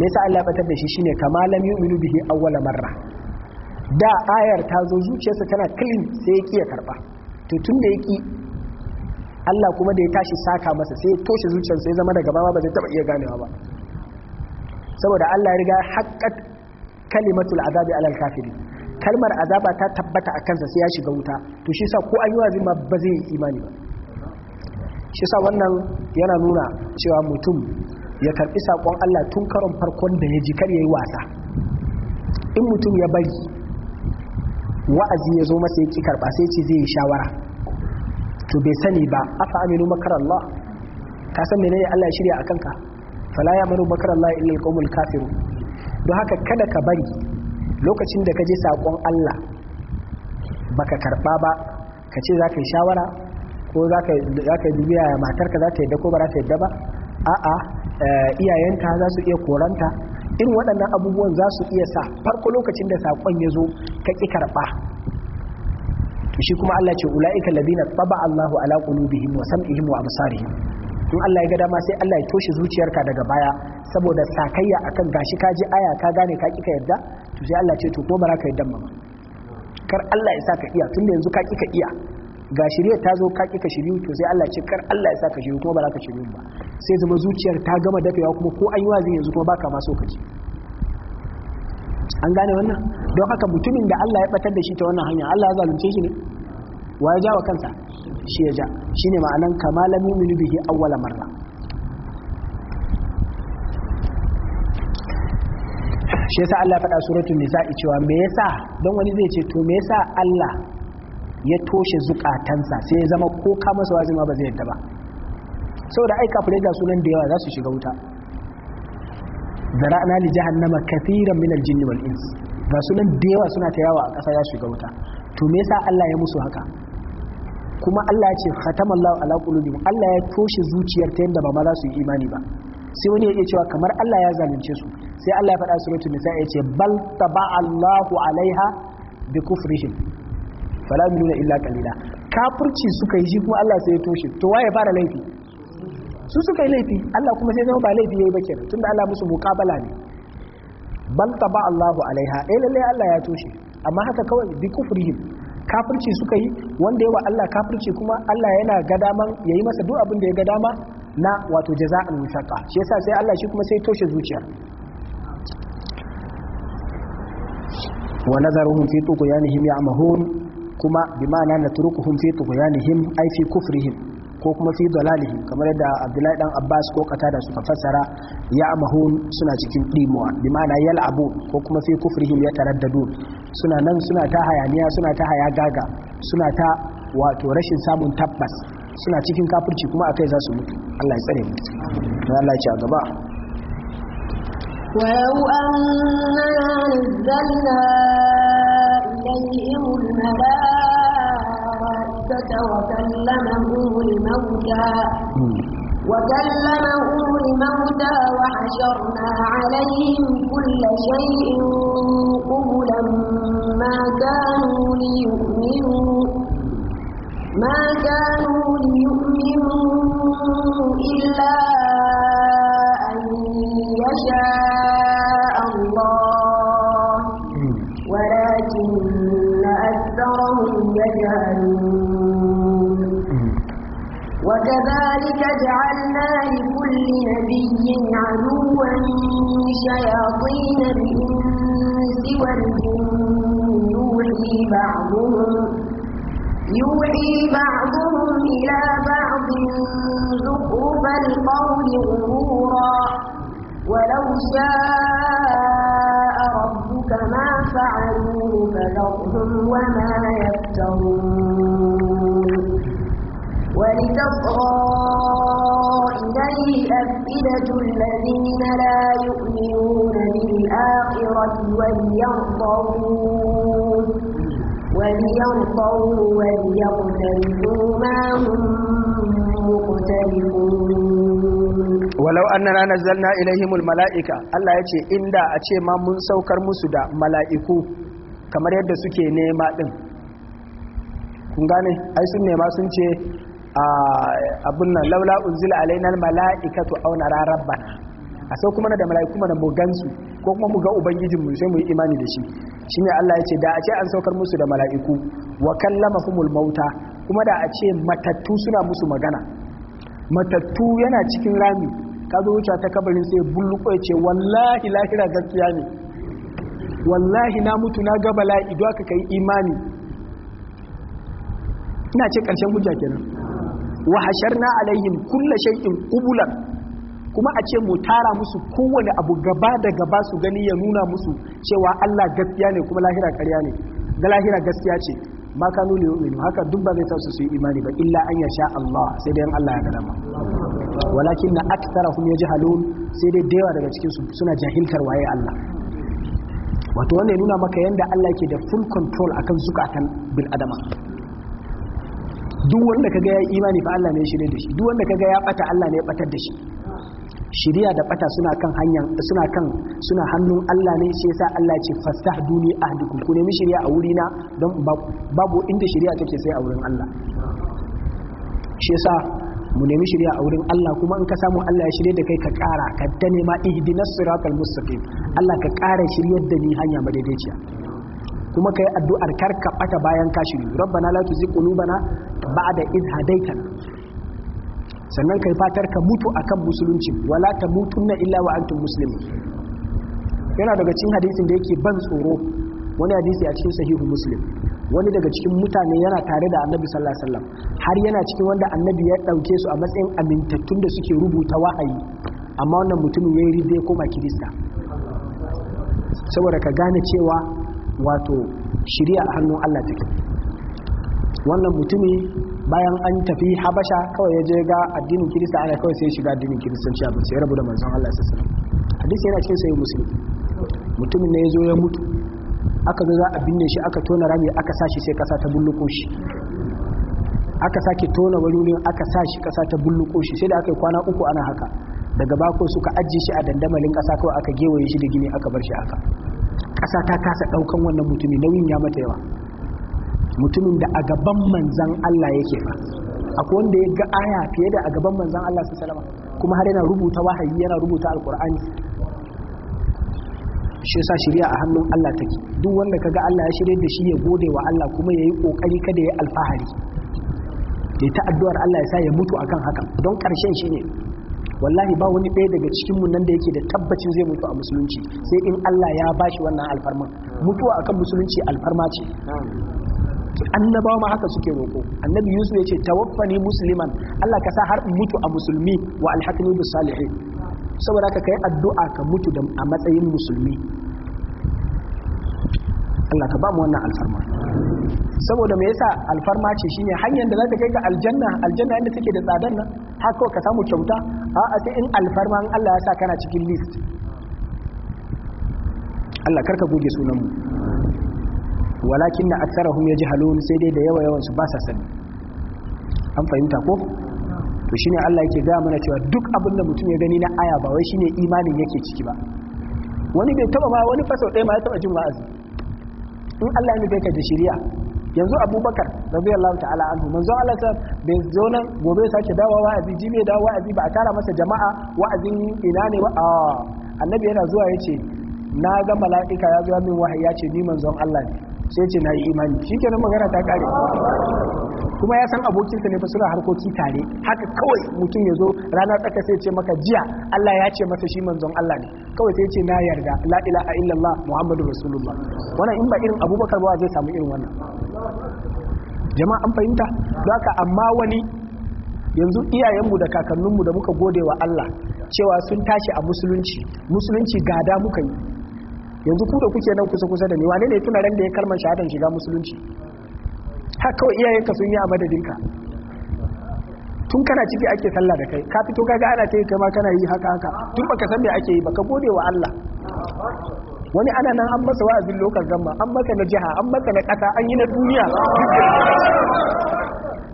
me yasa Allah ya batar da shi shine kamalam yu'minu bihi awwala marra da ayar ta zo zuciyarsa tana clean sai ya ki ya karba to tun da ya ki Allah kuma da ya tashi saka masa sai ya toshe zuciyarsa ya zama daga baba ba zai taba iya ganewa ba saboda Allah ya riga haqqat kalimatul azabi alal kafirin kalmar azaba ta tabbata a kansa sai ya shiga wuta to shi sa ko an yi ba zai yi imani ba shi sa wannan yana nuna cewa mutum ya karbi sakon Allah tun karon farkon da ya ji kar yayi wasa in mutum ya bari wa'azi ya zo masa ya ki karba sai ce zai yi shawara to bai sani ba afa aminu makar Allah ka san menene Allah ya shirya akan ka fala ya manu makar Allah illa al-qawmul kafirun don haka kada ka bari lokacin da ka je saƙon Allah baka karɓa ba ka ce za ka yi shawara ko za ka yi dubiya matarka za ta yadda ko ba za ta yadda ba a'a eh, iyayenta za su iya koranta irin waɗannan abubuwan za su iya sa farko lokacin da saƙon ya zo ka ƙi karɓa shi kuma Allah ce ula'ika ladina taba Allahu ala qulubihim wa sam'ihim wa absarihim in Allah ya ga dama sai Allah ya toshe zuciyarka daga baya saboda sakayya akan gashi ka ji aya ka gane ka ka yadda to sai Allah ce to ko bara ka yaddan ba. kar Allah ya saka iya tunda yanzu ka kika ka iya ga shirye ta zo ka kika ka to sai Allah ce kar Allah ya saka shiryu kuma bara ka ba sai zama zuciyar ta gama dafewa kuma ko an yi wazi yanzu kuma baka ma so ka ci an gane wannan don haka mutumin da Allah ya batar da shi ta wannan hanya Allah ya zalunce shi ne wa ya jawa kansa shi ya ja shine ma'anan kamalan muminu bihi awwala marra shi yasa Allah faɗa suratul nisa'i cewa me yasa don wani zai ce to me yasa Allah ya toshe zukatansa sai ya zama ko ka masa wazima ba zai yadda ba saboda ai kafirai da sunan da yawa za su shiga wuta zara'na li jahannama kathiran min al-jinn wal ins ga sunan da yawa suna ta yawa a ƙasa ya shiga wuta to me yasa Allah ya musu haka kuma Allah ya ce khatamallahu ala qulubihim Allah ya toshe zuciyar ta yanda ba ma za su yi imani ba sai wani ya iya cewa kamar Allah ya zalunce su sai Allah ya faɗa suratul nisa ya ce bal taba Allahu alaiha bi kufrihim fala nuna illa qalila kafirci suka yi shi kuma Allah sai ya toshe to waye fara laifi su suka yi laifi Allah kuma sai zama ba laifi yayi ba tunda Allah musu muqabala ne bal taba Allahu alaiha eh lalle Allah ya toshe amma haka kawai bi kufrihim kafirci suka yi wanda yawa Allah kafirci kuma Allah yana ga daman yayi masa duk abin da ya ga dama na wato jaza'an mushaqqa shi yasa sai Allah shi kuma sai toshe zuciyar wa nazaruhum fi tughyanihim ya'mahun kuma bima'ana natrukuhum fi tughyanihim ay fi kufrihim ko kuma fi dalalihim kamar yadda Abdullahi dan Abbas ko Qatada suka fassara ya'mahun suna cikin dimuwa ma'ana yal'abu ko kuma fi kufrihim yataraddadun suna nan suna ta hayaniya suna ta hayagaga suna ta wato rashin samun tabbas suna cikin kafirci kuma akai za su mutu Allah ya tsare mu Allah ya ci a gaba ولو أنا نزلنا إليهم الملائكة وكلمهم الموتى وكلمهم الموتى وحشرنا عليهم كل شيء قبلا ما كانوا ليؤمنوا ما كانوا ليؤمنوا إلا شاء الله ولكن أكثرهم يجهلون وكذلك جعلنا لكل نبي عدوا شياطين الإنس والجن يوحي بعضهم يوحي بعضهم إلى بعض زخرف القول غرورا ولو شاء ربك ما فعلوه فذرهم وما يفترون ولتصغى إليه أفئدة الذين لا يؤمنون بالآخرة وليرضوه وليرضوه وليقترفوا ما هم مقترفون walau annana nazzalna ilaihimul mala'ika Allah ya ce inda a ce ma mun saukar musu da mala'iku kamar yadda suke nema din kun gane ai sun nema sun ce abin nan laula unzila mala'ika to auna rarar rabbana a sau kuma na da mala'iku mana mu gansu ko kuma mu ga ubangijin mu sai mu yi imani da shi ne Allah ya ce da a ce an saukar musu da mala'iku wa kallamahumul mauta kuma da a ce matattu suna musu magana matattu yana cikin rami ka zo wuce ta kabarin sai bulluƙo ya ce wallahi lahira gaskiya ne wallahi na mutu na ga bala'i don aka kai imani ina ce ƙarshen hujja kenan wa hasharna alaihim kullu shay'in qubulan kuma a ce mu tara musu kowane abu gaba da gaba su gani ya nuna musu cewa Allah gaskiya ne kuma lahira ƙarya ne ga lahira gaskiya ce ma kanu ne haka duk ba zai tausu su yi imani ba illa an yasha Allah sai dai Allah ya ga dama walakin na aktarahum yajhalun sai dai dewa daga cikin su suna jahiltar waye Allah wato wanda ya nuna maka yanda Allah yake da full control akan zukatan bil adama duk wanda kaga ya imani fa Allah ne ya shirye da shi duk wanda kaga ya bata Allah ne ya batar da shi shiriya da bata suna kan hanyar suna kan suna hannun Allah ne shi yasa Allah ce duni ahdukum ku nemi shiriya a wuri na don babu inda shiriya take sai a wurin Allah shi yasa mu nemi shirya a wurin Allah kuma in ka samu Allah ya shirya da kai ka ƙara ka ta nema ihdinas siratal mustaqim Allah ka kara shiryar da ni hanya madaidaiciya kuma kai addu'ar kar ka bata bayan ka shiryu rabbana la tuzigh qulubana ba'da id hadaytana sannan kai fatar ka mutu akan musulunci wala tamutunna illa wa antum muslimun yana daga cikin hadisin da yake ban tsoro wani hadisi a cikin sahihu muslim wani daga cikin mutane yana tare da annabi sallallahu alaihi wasallam har yana cikin wanda annabi ya dauke su a matsayin amintattun da suke rubuta wa'ayi amma wannan mutumin yayi ridda ko koma kirista saboda ka gane cewa wato shari'a a hannun Allah take wannan mutumi bayan an tafi habasha kawai ya je ga addinin kirista ana kawai sai shiga addinin kiristanci a sai rabu da manzon Allah sallallahu alaihi wasallam hadisi yana cikin sahih muslim mutumin ne ya zo ya mutu aka zo za a binne shi aka tona rami aka sa shi sai kasa ta bulluko shi aka sake tona walurin aka sa shi kasa ta bulluko shi sai da aka yi kwana uku ana haka daga bako suka ajiye shi a dandamalin kasa kawai aka gewaye shi da gini aka bar shi haka kasa ta kasa daukan wannan mutumin nauyin ya mata yawa mutumin da a gaban manzan Allah yake fa akwai wanda ya ga aya fiye da a gaban manzan Allah alaihi wasallam kuma har yana rubuta wahayi yana rubuta alkur'ani shi yasa shari'a a hannun Allah take duk wanda kaga Allah ya shirye da shi ya gode wa Allah kuma yayi kokari kada ya alfahari ya ta addu'ar Allah ya sa ya mutu akan hakan don karshen ne. wallahi ba wani ɗaya daga cikin mu nan da yake da tabbacin zai mutu a musulunci sai in Allah ya bashi wannan alfarma mutuwa akan musulunci alfarma ce annabawa ma haka suke roƙo annabi yusuf ya ce tawaffani musliman Allah ka sa har mutu a musulmi wa alhaqni bis salihin saboda ka kai addu'a ka mutu da a matsayin musulmi Allah ka ba mu wannan alfarma saboda me yasa alfarma ce shine hanyar da za ta kai ga aljanna aljanna inda take da tsadan nan haka ka samu kyauta a a sai in alfarma in Allah ya sa kana cikin list Allah karka goge sunan mu walakin na aksarahum yajhalun sai dai da yawa yawan su ba sa sani an fahimta ko to shine Allah yake gaya mana cewa duk abin da mutum ya gani na aya ba wai shine imanin yake ciki ba wani bai taba ba wani fasau ɗaya ma ya taba jin wa'azi in Allah ya nufe ka da shari'a yanzu abubakar radiyallahu ta'ala anhu manzo Allah ta bai zo nan gobe sake dawo wa'azi jibe dawo wa'azi ba a tara masa jama'a wa'azin ina ne ba a annabi yana zuwa yace na ga mala'ika ya zo min wahayi ya ce ni manzon Allah ne sai ce na yi imani shi ke nan magana ta kare kuma ya san abokinsa ne su suna harkoki tare haka kawai mutum ya zo rana tsaka sai ce maka jiya Allah ya ce masa shi manzon Allah ne kawai sai ce na yarda la ilaha illallah muhammadu rasulullah wannan in ba irin abubakar ba zai samu irin wannan jama'a an fahimta haka amma wani yanzu iyayenmu da kakanninmu da muka gode wa Allah cewa sun tashi a musulunci musulunci gada muka yi yanzu ku da kuke nan kusa kusa da ni wane ne tuna ran da ya karman shahadan shiga musulunci har kawai iyayenka sun yi a madadinka tun kana ciki ake sallah da kai ka fito kaga ana ta yi kai kana yi haka haka tun baka san me ake yi baka gode wa Allah wani ana nan an masa wa'azin lokar gamma an masa na jiha an masa na kasa an yi na duniya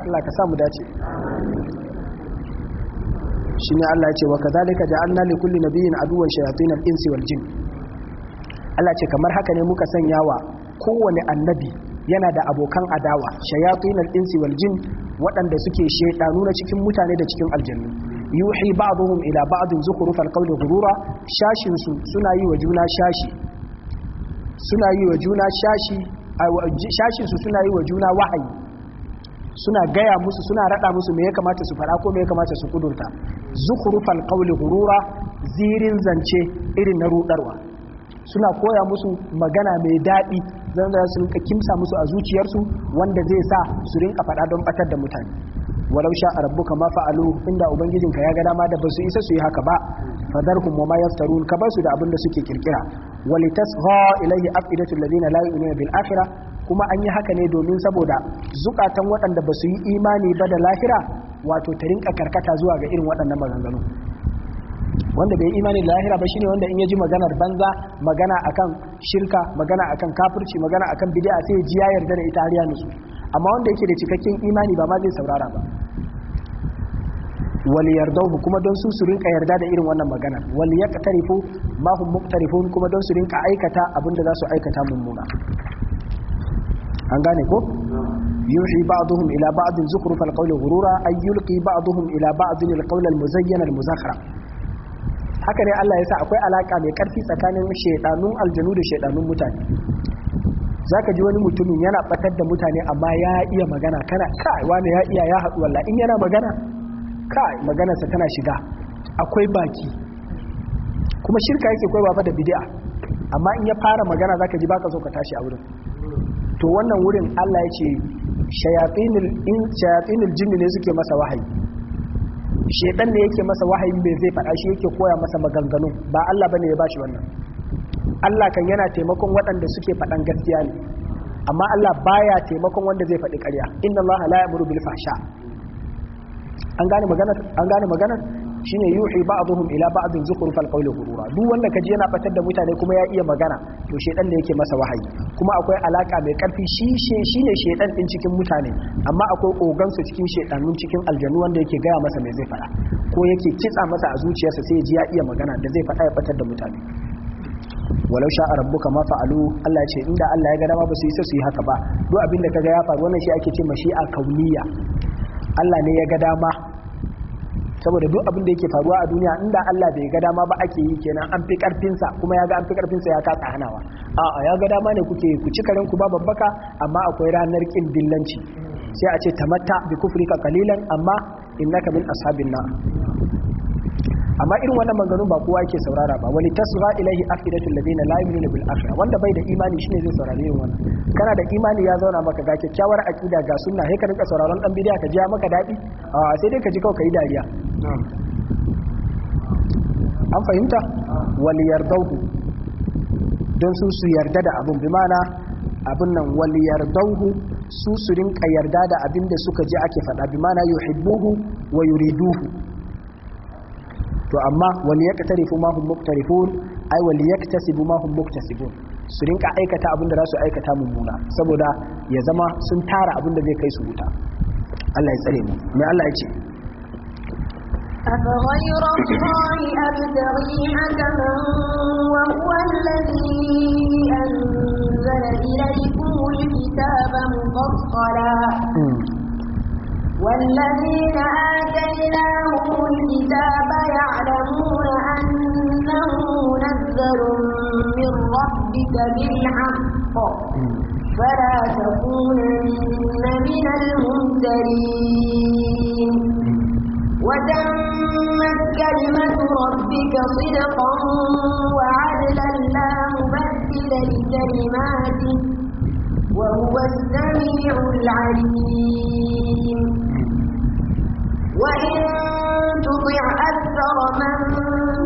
Allah ka samu dace shine Allah ya ce wa kadhalika ja'alna li kulli nabiyyin aduwwan shayatin al-insi wal jinn Allah ce kamar haka ne muka sanya wa kowane annabi yana da abokan adawa shayatinul insi wal jin waɗanda suke shaidanu na cikin mutane da cikin aljannu yuhi ba'dhum ila ba'd zukhrufal qawli ghurura shashin su suna yi wa juna shashi suna yi wa juna shashi shashin su suna yi wa juna wa'ayi suna gaya musu suna rada musu me ya kamata su fara ko me ya kamata su kudurta zukhrufal qawli ghurura zirin zance irin na rudarwa suna koya musu magana mai daɗi zan da su rinka kimsa musu a zuciyarsu wanda zai sa su rinka faɗa don ɓatar da mutane walau sha a rabbuka ma fa'alu inda ubangijinka ya ga dama da basu isa su yi haka ba fadarkum wa ma yaftarun ka basu da abin da suke kirkira walitasgha ilayhi afidatul ladina la yu'minuna bil akhirah kuma an yi haka ne domin saboda zukatan waɗanda ba su yi imani ba da lahira wato ta rinka karkata zuwa ga irin waɗannan maganganu wanda bai imanin da lahira ba shine wanda in ya ji maganar banza magana akan shirka magana akan kafirci magana akan bid'a sai ya ji ya yarda da ita har ya nutsu amma wanda yake da cikakken imani ba ma zai saurara ba wal yardahu kuma don su su rinka yarda da irin wannan magana wal yaqtarifu ma hum muqtarifun kuma don su rinka aikata abinda za su aikata mummuna an gane ko يوحي بعضهم إلى بعض زخرف القول غرورا أي يلقي بعضهم إلى بعض القول المزين المزخرف haka ne Allah ya sa akwai alaka mai karfi tsakanin shaidanun aljanu da shaidanun mutane ka ji wani mutumin yana batar da mutane amma ya iya magana kana kai wani ya iya ya haɗu wallahi in yana magana kai maganarsa tana shiga akwai baki kuma shirka yake kai ba da bid'a amma in ya fara magana zaka ji baka so ka tashi a wurin to wannan wurin Allah ya ce shayatinul in ne suke masa wahayi shedan ne yake masa wahayin bai zai faɗa shi yake koya masa maganganu ba Allah bane ya bashi wannan Allah kan yana taimakon waɗanda suke faɗan gaskiya ne amma Allah baya taimakon wanda zai faɗi ƙarya inna Allah la ya'muru bil fahsha an gane magana an gane magana shine yuhi ba'dhum ila ba'd zukhruf alqawl ghurura duk wanda kaji yana batar da mutane kuma ya iya magana to shedan da yake masa wahayi kuma akwai alaka mai karfi shi shine shedan din cikin mutane amma akwai ogansa cikin shedanun cikin aljanu wanda yake gaya masa mai zai fada ko yake kitsa masa a zuciyarsa sai ya ji ya iya magana da zai fada ya batar da mutane walau sha'a rabbuka ma fa'alu Allah ce inda Allah ya ga dama ba su yi sai su yi haka ba duk abin da kaga ya faru wannan shi ake ce a kauniya Allah ne ya ga dama saboda duk abin da yake faruwa a duniya inda Allah bai ga dama ba ake yi kenan an fi karfin kuma ya ga an fi karfin sa ya kasa hanawa a'a ya ga dama ne kuke ku ci karen ku ba babbaka amma akwai ranar kin dillanci sai a ce tamatta bi kufrika qalilan amma innaka min ashabin na. amma irin wannan maganganun ba kowa yake saurara ba wani tasra ilaihi afidatul ladina la yu'minu bil akhirah wanda bai da imani shine zai saurare irin wannan kana da imani ya zauna maka ga kyakkyawar akida ga sunna sai ka rinka sauraron dan bidiya ka ji maka dadi sai dai ka ji kawai kai dariya an fahimta wal yardahu don su su yarda da abin bi mana abin nan wal yardahu su su rinka yarda da abin da suka ji ake faɗa bi mana yuhibbuhu wa yuriduhu to amma wani wal yaktarifu ma hum muktarifun ai wal yaktasibu ma hum muktasibun su rinka aikata abin da za su aikata mummuna saboda ya zama sun tara abin da zai kai su wuta Allah ya tsare mu mai Allah ya ce أفغير الله أبتغي حكما وهو الذي أنزل إليكم الكتاب مفصلا والذين آتيناهم الكتاب يعلمون أنه نزل من ربك بالحق فلا تكونن من الممترين وتمت كلمة ربك صدقا وعدلا لا مبدل لكلماته وهو السميع العليم وإن تطع أكثر من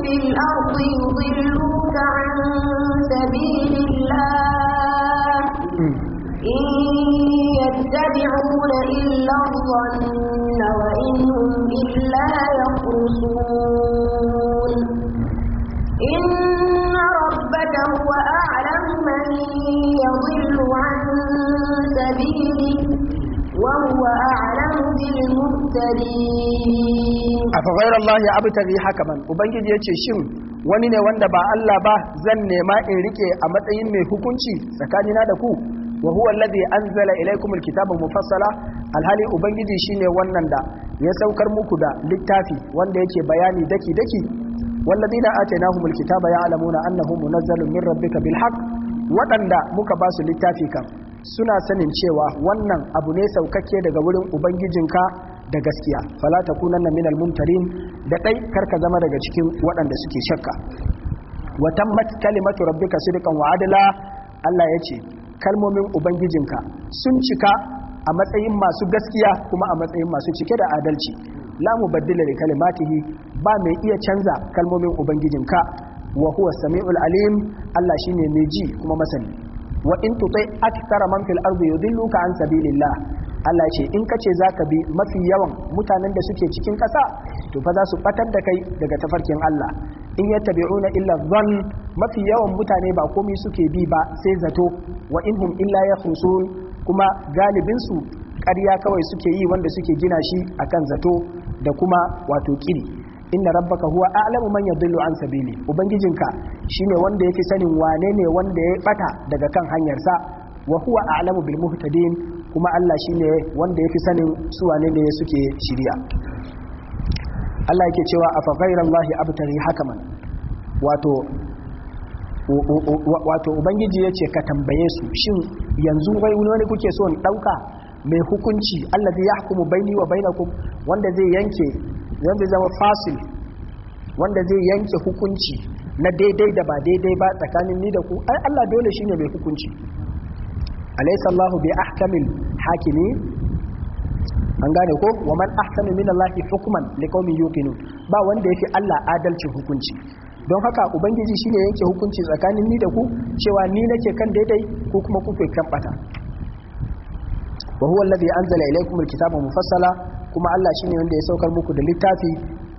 في الأرض يضلوك عن سبيل الله إن يتبعون إلا الظن وإن هم إلا يخرصون إن ربك هو أعلم من يضل عن سبيله وهو أعلم بالمؤمنين abu أفغير haka أبتغي ubangiji ya ce shin wani ne wanda ba Allah ba zan nema in rike a matsayin mai hukunci tsakanina da ku wa huwa alladhi anzala ilaykumul kitaba mufassala alhali ubangiji shine wannan da ya saukar muku da littafi wanda yake bayani daki daki walladhina atainahumul kitaba ya'lamuna annahu munazzalun min rabbika bil haqq waɗanda muka basu littafi kan suna sanin cewa wannan abu ne saukakke daga wurin ubangijinka da gaskiya fala takunanna minal mumtarin da dai karka zama daga cikin waɗanda suke shakka wa tammat kalimatu rabbika sidqan wa adla Allah yace kalmomin ubangijinka sun cika a matsayin masu gaskiya kuma a matsayin masu cike da adalci la mubaddila li kalimatihi ba mai iya canza kalmomin ubangijinka wa huwa samiul alim Allah shine mai ji kuma masani wa in tutai akthara man fil ardi yudilluka an sabilillah Allah ce in ka ce za ka bi mafi yawan mutanen da suke cikin ƙasa to fa za su ɓatar da kai daga tafarkin Allah in ya tabi'una illa zan mafi yawan mutane ba komai suke bi ba sai zato wa in hum illa ya kuma galibinsu ƙarya kawai suke yi wanda suke gina shi akan zato da kuma wato kiri inna rabbaka huwa a'lamu man yadullu an sabili ubangijinka shine wanda yake sanin wane ne wanda ya bata daga kan hanyarsa wa huwa a'lamu bil muhtadin kuma Allah shi ne wanda ya fi sanin su wane ne suke shirya. Allah yake cewa a afa lahi abtari hakaman wato wato ubangiji ce ka tambaye su shin yanzu wai wani kuke so ɗauka ɗauka mai hukunci Allah zai allazi yahkumu bai wa ku? wanda zai yanke wanda zama fasil wanda zai yanke hukunci na daidai da ba daidai ba tsakanin ni da ku ai Allah dole shi ne mai hukunci alaysa Allahu bi ahkamil hakimi an gane ko wa man ahsanu min Allahi hukman liqaumin yuqinun ba wanda fi Allah adalcin hukunci don haka ubangiji shine yake hukunci tsakanin ni da ku cewa ni nake kan daidai ko kuma kuke kan bata wa huwa alladhi anzala ilaykum alkitaba mufassala kuma Allah shine wanda ya saukar muku da littafi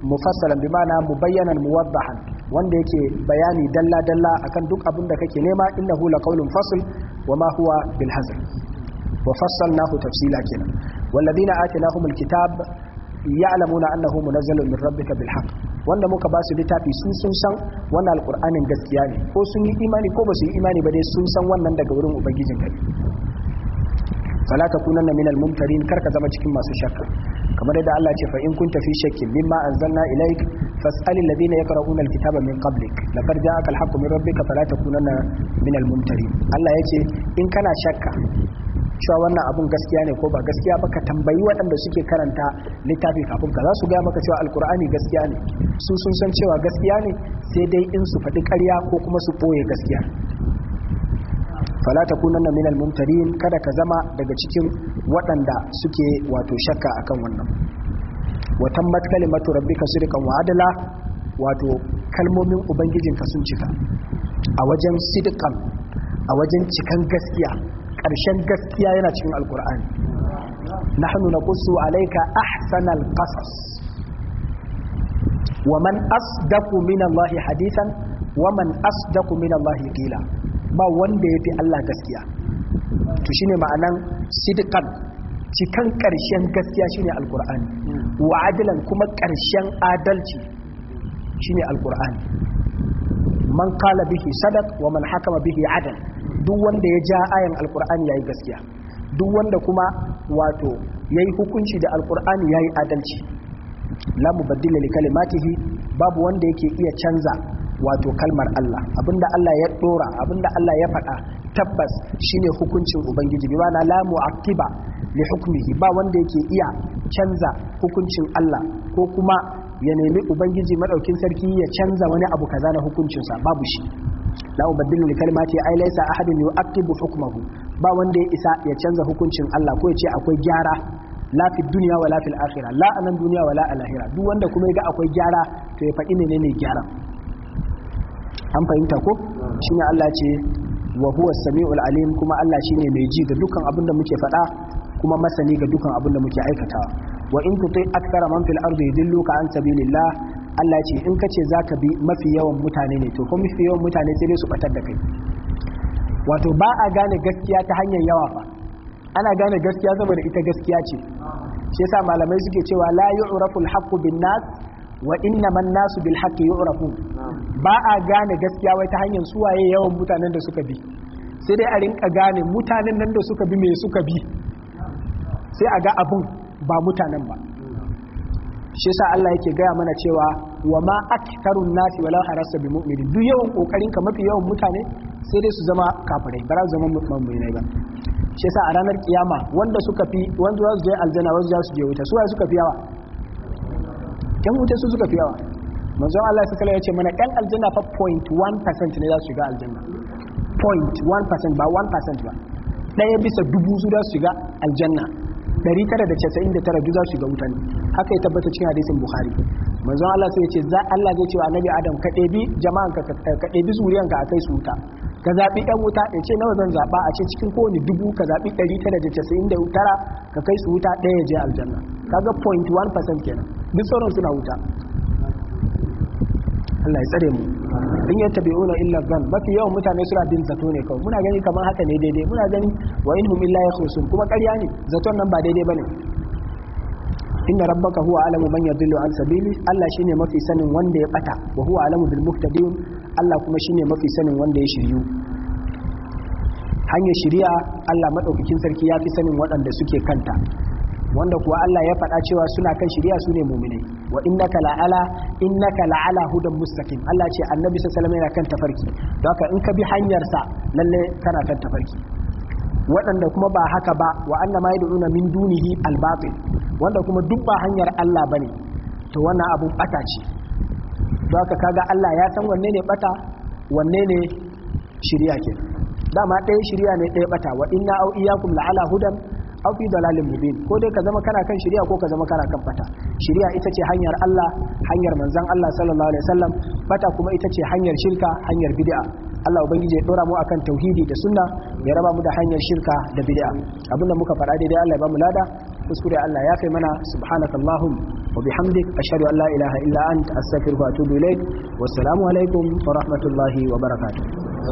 mufassalan bi ma'ana mubayyanan muwaddahan wanda yake bayani dalla dalla akan duk abin da kake nema innahu laqawlun fasl wama huwa bil hazl wa na tafsila kenan walladina atinahumul kitab ya'lamuna annahu munazzalun min rabbika bil haqq wanda muka ba su littafi su sun san wannan alqur'anin gaskiya ne ko sun yi imani ko ba su yi imani ba dai sun san wannan daga wurin ubangijin kai fala min minal mumtarin karka zama cikin masu shakka kamar yadda Allah ce fa in kunta fi shakkin mimma anzalna ilaik fas'al alladhina yaqra'una alkitaba min qablik laqad ja'aka alhaqqu min rabbika fala takunanna min almumtarin Allah yace in kana shakka cewa wannan abun gaskiya ne ko ba gaskiya ba ka tambayi waɗanda suke karanta littafi kafin ka za su gaya maka cewa alkur'ani gaskiya ne su sun san cewa gaskiya ne sai dai in su faɗi ƙarya ko kuma su ɓoye gaskiya fala takunanna minal mumtarin kada ka zama daga cikin waɗanda suke wato shakka akan wannan wa tammat kalimatu rabbika sidqan wa adala wato kalmomin ubangijinka sun cika a wajen sidqan a wajen cikan gaskiya ƙarshen gaskiya yana cikin alkur'ani nahnu naqussu alayka ahsanal qasas wa man asdaqu min Allah hadithan wa man asdaqu min qila ba wanda ya fi Allah gaskiya to shine ma'anan sidqan cikan karshen gaskiya shine alqur'ani wa adlan kuma karshen adalci shine alqur'ani man qala bihi sadaq wa man hakama bihi adal duk wanda ya ja ayan alqur'ani yayi gaskiya duk wanda kuma wato yayi hukunci da alqur'ani yayi adalci la mubaddila li kalimatihi babu wanda yake iya canza wato kalmar Allah abinda Allah ya dora abinda Allah ya faɗa tabbas shine hukuncin ubangiji bi ma'ana la mu'aqqiba li hukmihi ba wanda yake iya canza hukuncin Allah ko kuma ya nemi ubangiji madaukin sarki ya canza wani abu kaza na hukuncinsa babu shi la ubaddilu li kalimati ay laysa ahadun yu'aqqibu hukmahu ba wanda ya isa ya canza hukuncin Allah ko ya ce akwai gyara la fi duniya wala fil akhirah la anan duniya wala al duk wanda kuma ya ga akwai gyara to ya faɗi menene gyara an fahimta ko shine Allah ce wa huwa samiul alim kuma Allah shine mai ji da dukkan abin da muke faɗa kuma masani ga dukkan abin da muke aikatawa wa in tuti akthara man fil ardi yudilluka an sabilillah Allah ce in kace zaka bi mafi yawan mutane ne to ko mafi yawan mutane sai dai su batar da kai wato ba a gane gaskiya ta hanyar yawa ba, ana gane gaskiya da ita gaskiya ce shi yasa malamai suke cewa la yuraful al-haqqu bin nas wa inna man nasu bil haqqi yu'rafu ba a gane gaskiya wai ta hanyar suwaye yawan mutanen da suka bi sai dai a rinka gane mutanen nan da suka bi me suka bi sai a ga abun ba mutanen ba shi yasa Allah yake gaya mana cewa wa ma aktharun nasi wala harasa bi mu'minin duk yawan kokarin ka mafi yawan mutane sai dai su zama kafirai ba za su zama mu'minai ba shi yasa a ranar kiyama wanda suka fi wanda za su je aljanna wasu za su je wuta suwaye suka fi yawa yan wuta su suka fi yawa manzon Allah suka ya ce mana kan aljanna fa 0.1% ne za su shiga aljanna 0.1% ba 1% ba ɗaya bisa dubu su za su shiga aljanna 999 za su shiga wutan haka ya tabbata cikin hadisin bukhari manzon Allah sai ya ce za Allah zai ce wa annabi adam ka ɗebi jama'an ka eh, ka zuriyan ka akai su wuta ka zaɓi ɗan wuta ya ce nawa zan zaɓa a ce cikin kowane dubu ka zaɓi 999 ka kai su wuta ɗaya je aljanna kaga 0.1% kenan duk sauran suna wuta Allah ya tsare mu in ya tabi'una illa zan mafi yawan mutane suna bin zato ne kawai muna gani kamar haka ne daidai muna gani wa inhum illa yakhusun kuma ƙarya ne zaton nan ba daidai bane inna rabbaka huwa alamu man yadullu an sabili Allah shine mafi sanin wanda ya bata wa huwa alamu bil muhtadin Allah kuma shine mafi sanin wanda ya shiryu hanyar shari'a Allah madaukakin sarki ya fi sanin waɗanda suke kanta wanda kuwa Allah ya faɗa cewa suna kan shari'a ne mu'minai wa innaka la'ala innaka la'ala hudan mustaqim Allah ce annabi sallallahu alaihi yana kan tafarki don haka in ka bi hanyar sa lalle kana kan tafarki waɗanda kuma ba haka ba wa annama yad'una min dunihi al-batil wanda kuma duk ba hanyar Allah bane to wannan abu bata ce don haka kaga Allah ya san wanne ne bata wanne ne shiriya ke dama ɗaya shiriya ne ɗaya bata wa inna au iyakum la'ala hudan aw fi dalalin mubin ko dai ka zama kana kan shari'a ko ka zama kana kan bata shari'a ita ce hanyar Allah hanyar manzon Allah sallallahu alaihi wasallam bata kuma ita ce hanyar shirka hanyar bid'a Allah ubangiji ya dora mu akan tauhidi da sunna ya raba mu da hanyar shirka da bid'a abinda muka faɗa daidai Allah ya ba mu lada kuskure Allah ya kai mana subhanakallahum wa bihamdik ashhadu an la ilaha illa anta astaghfiruka wa atubu ilaik wassalamu alaikum wa rahmatullahi wa barakatuh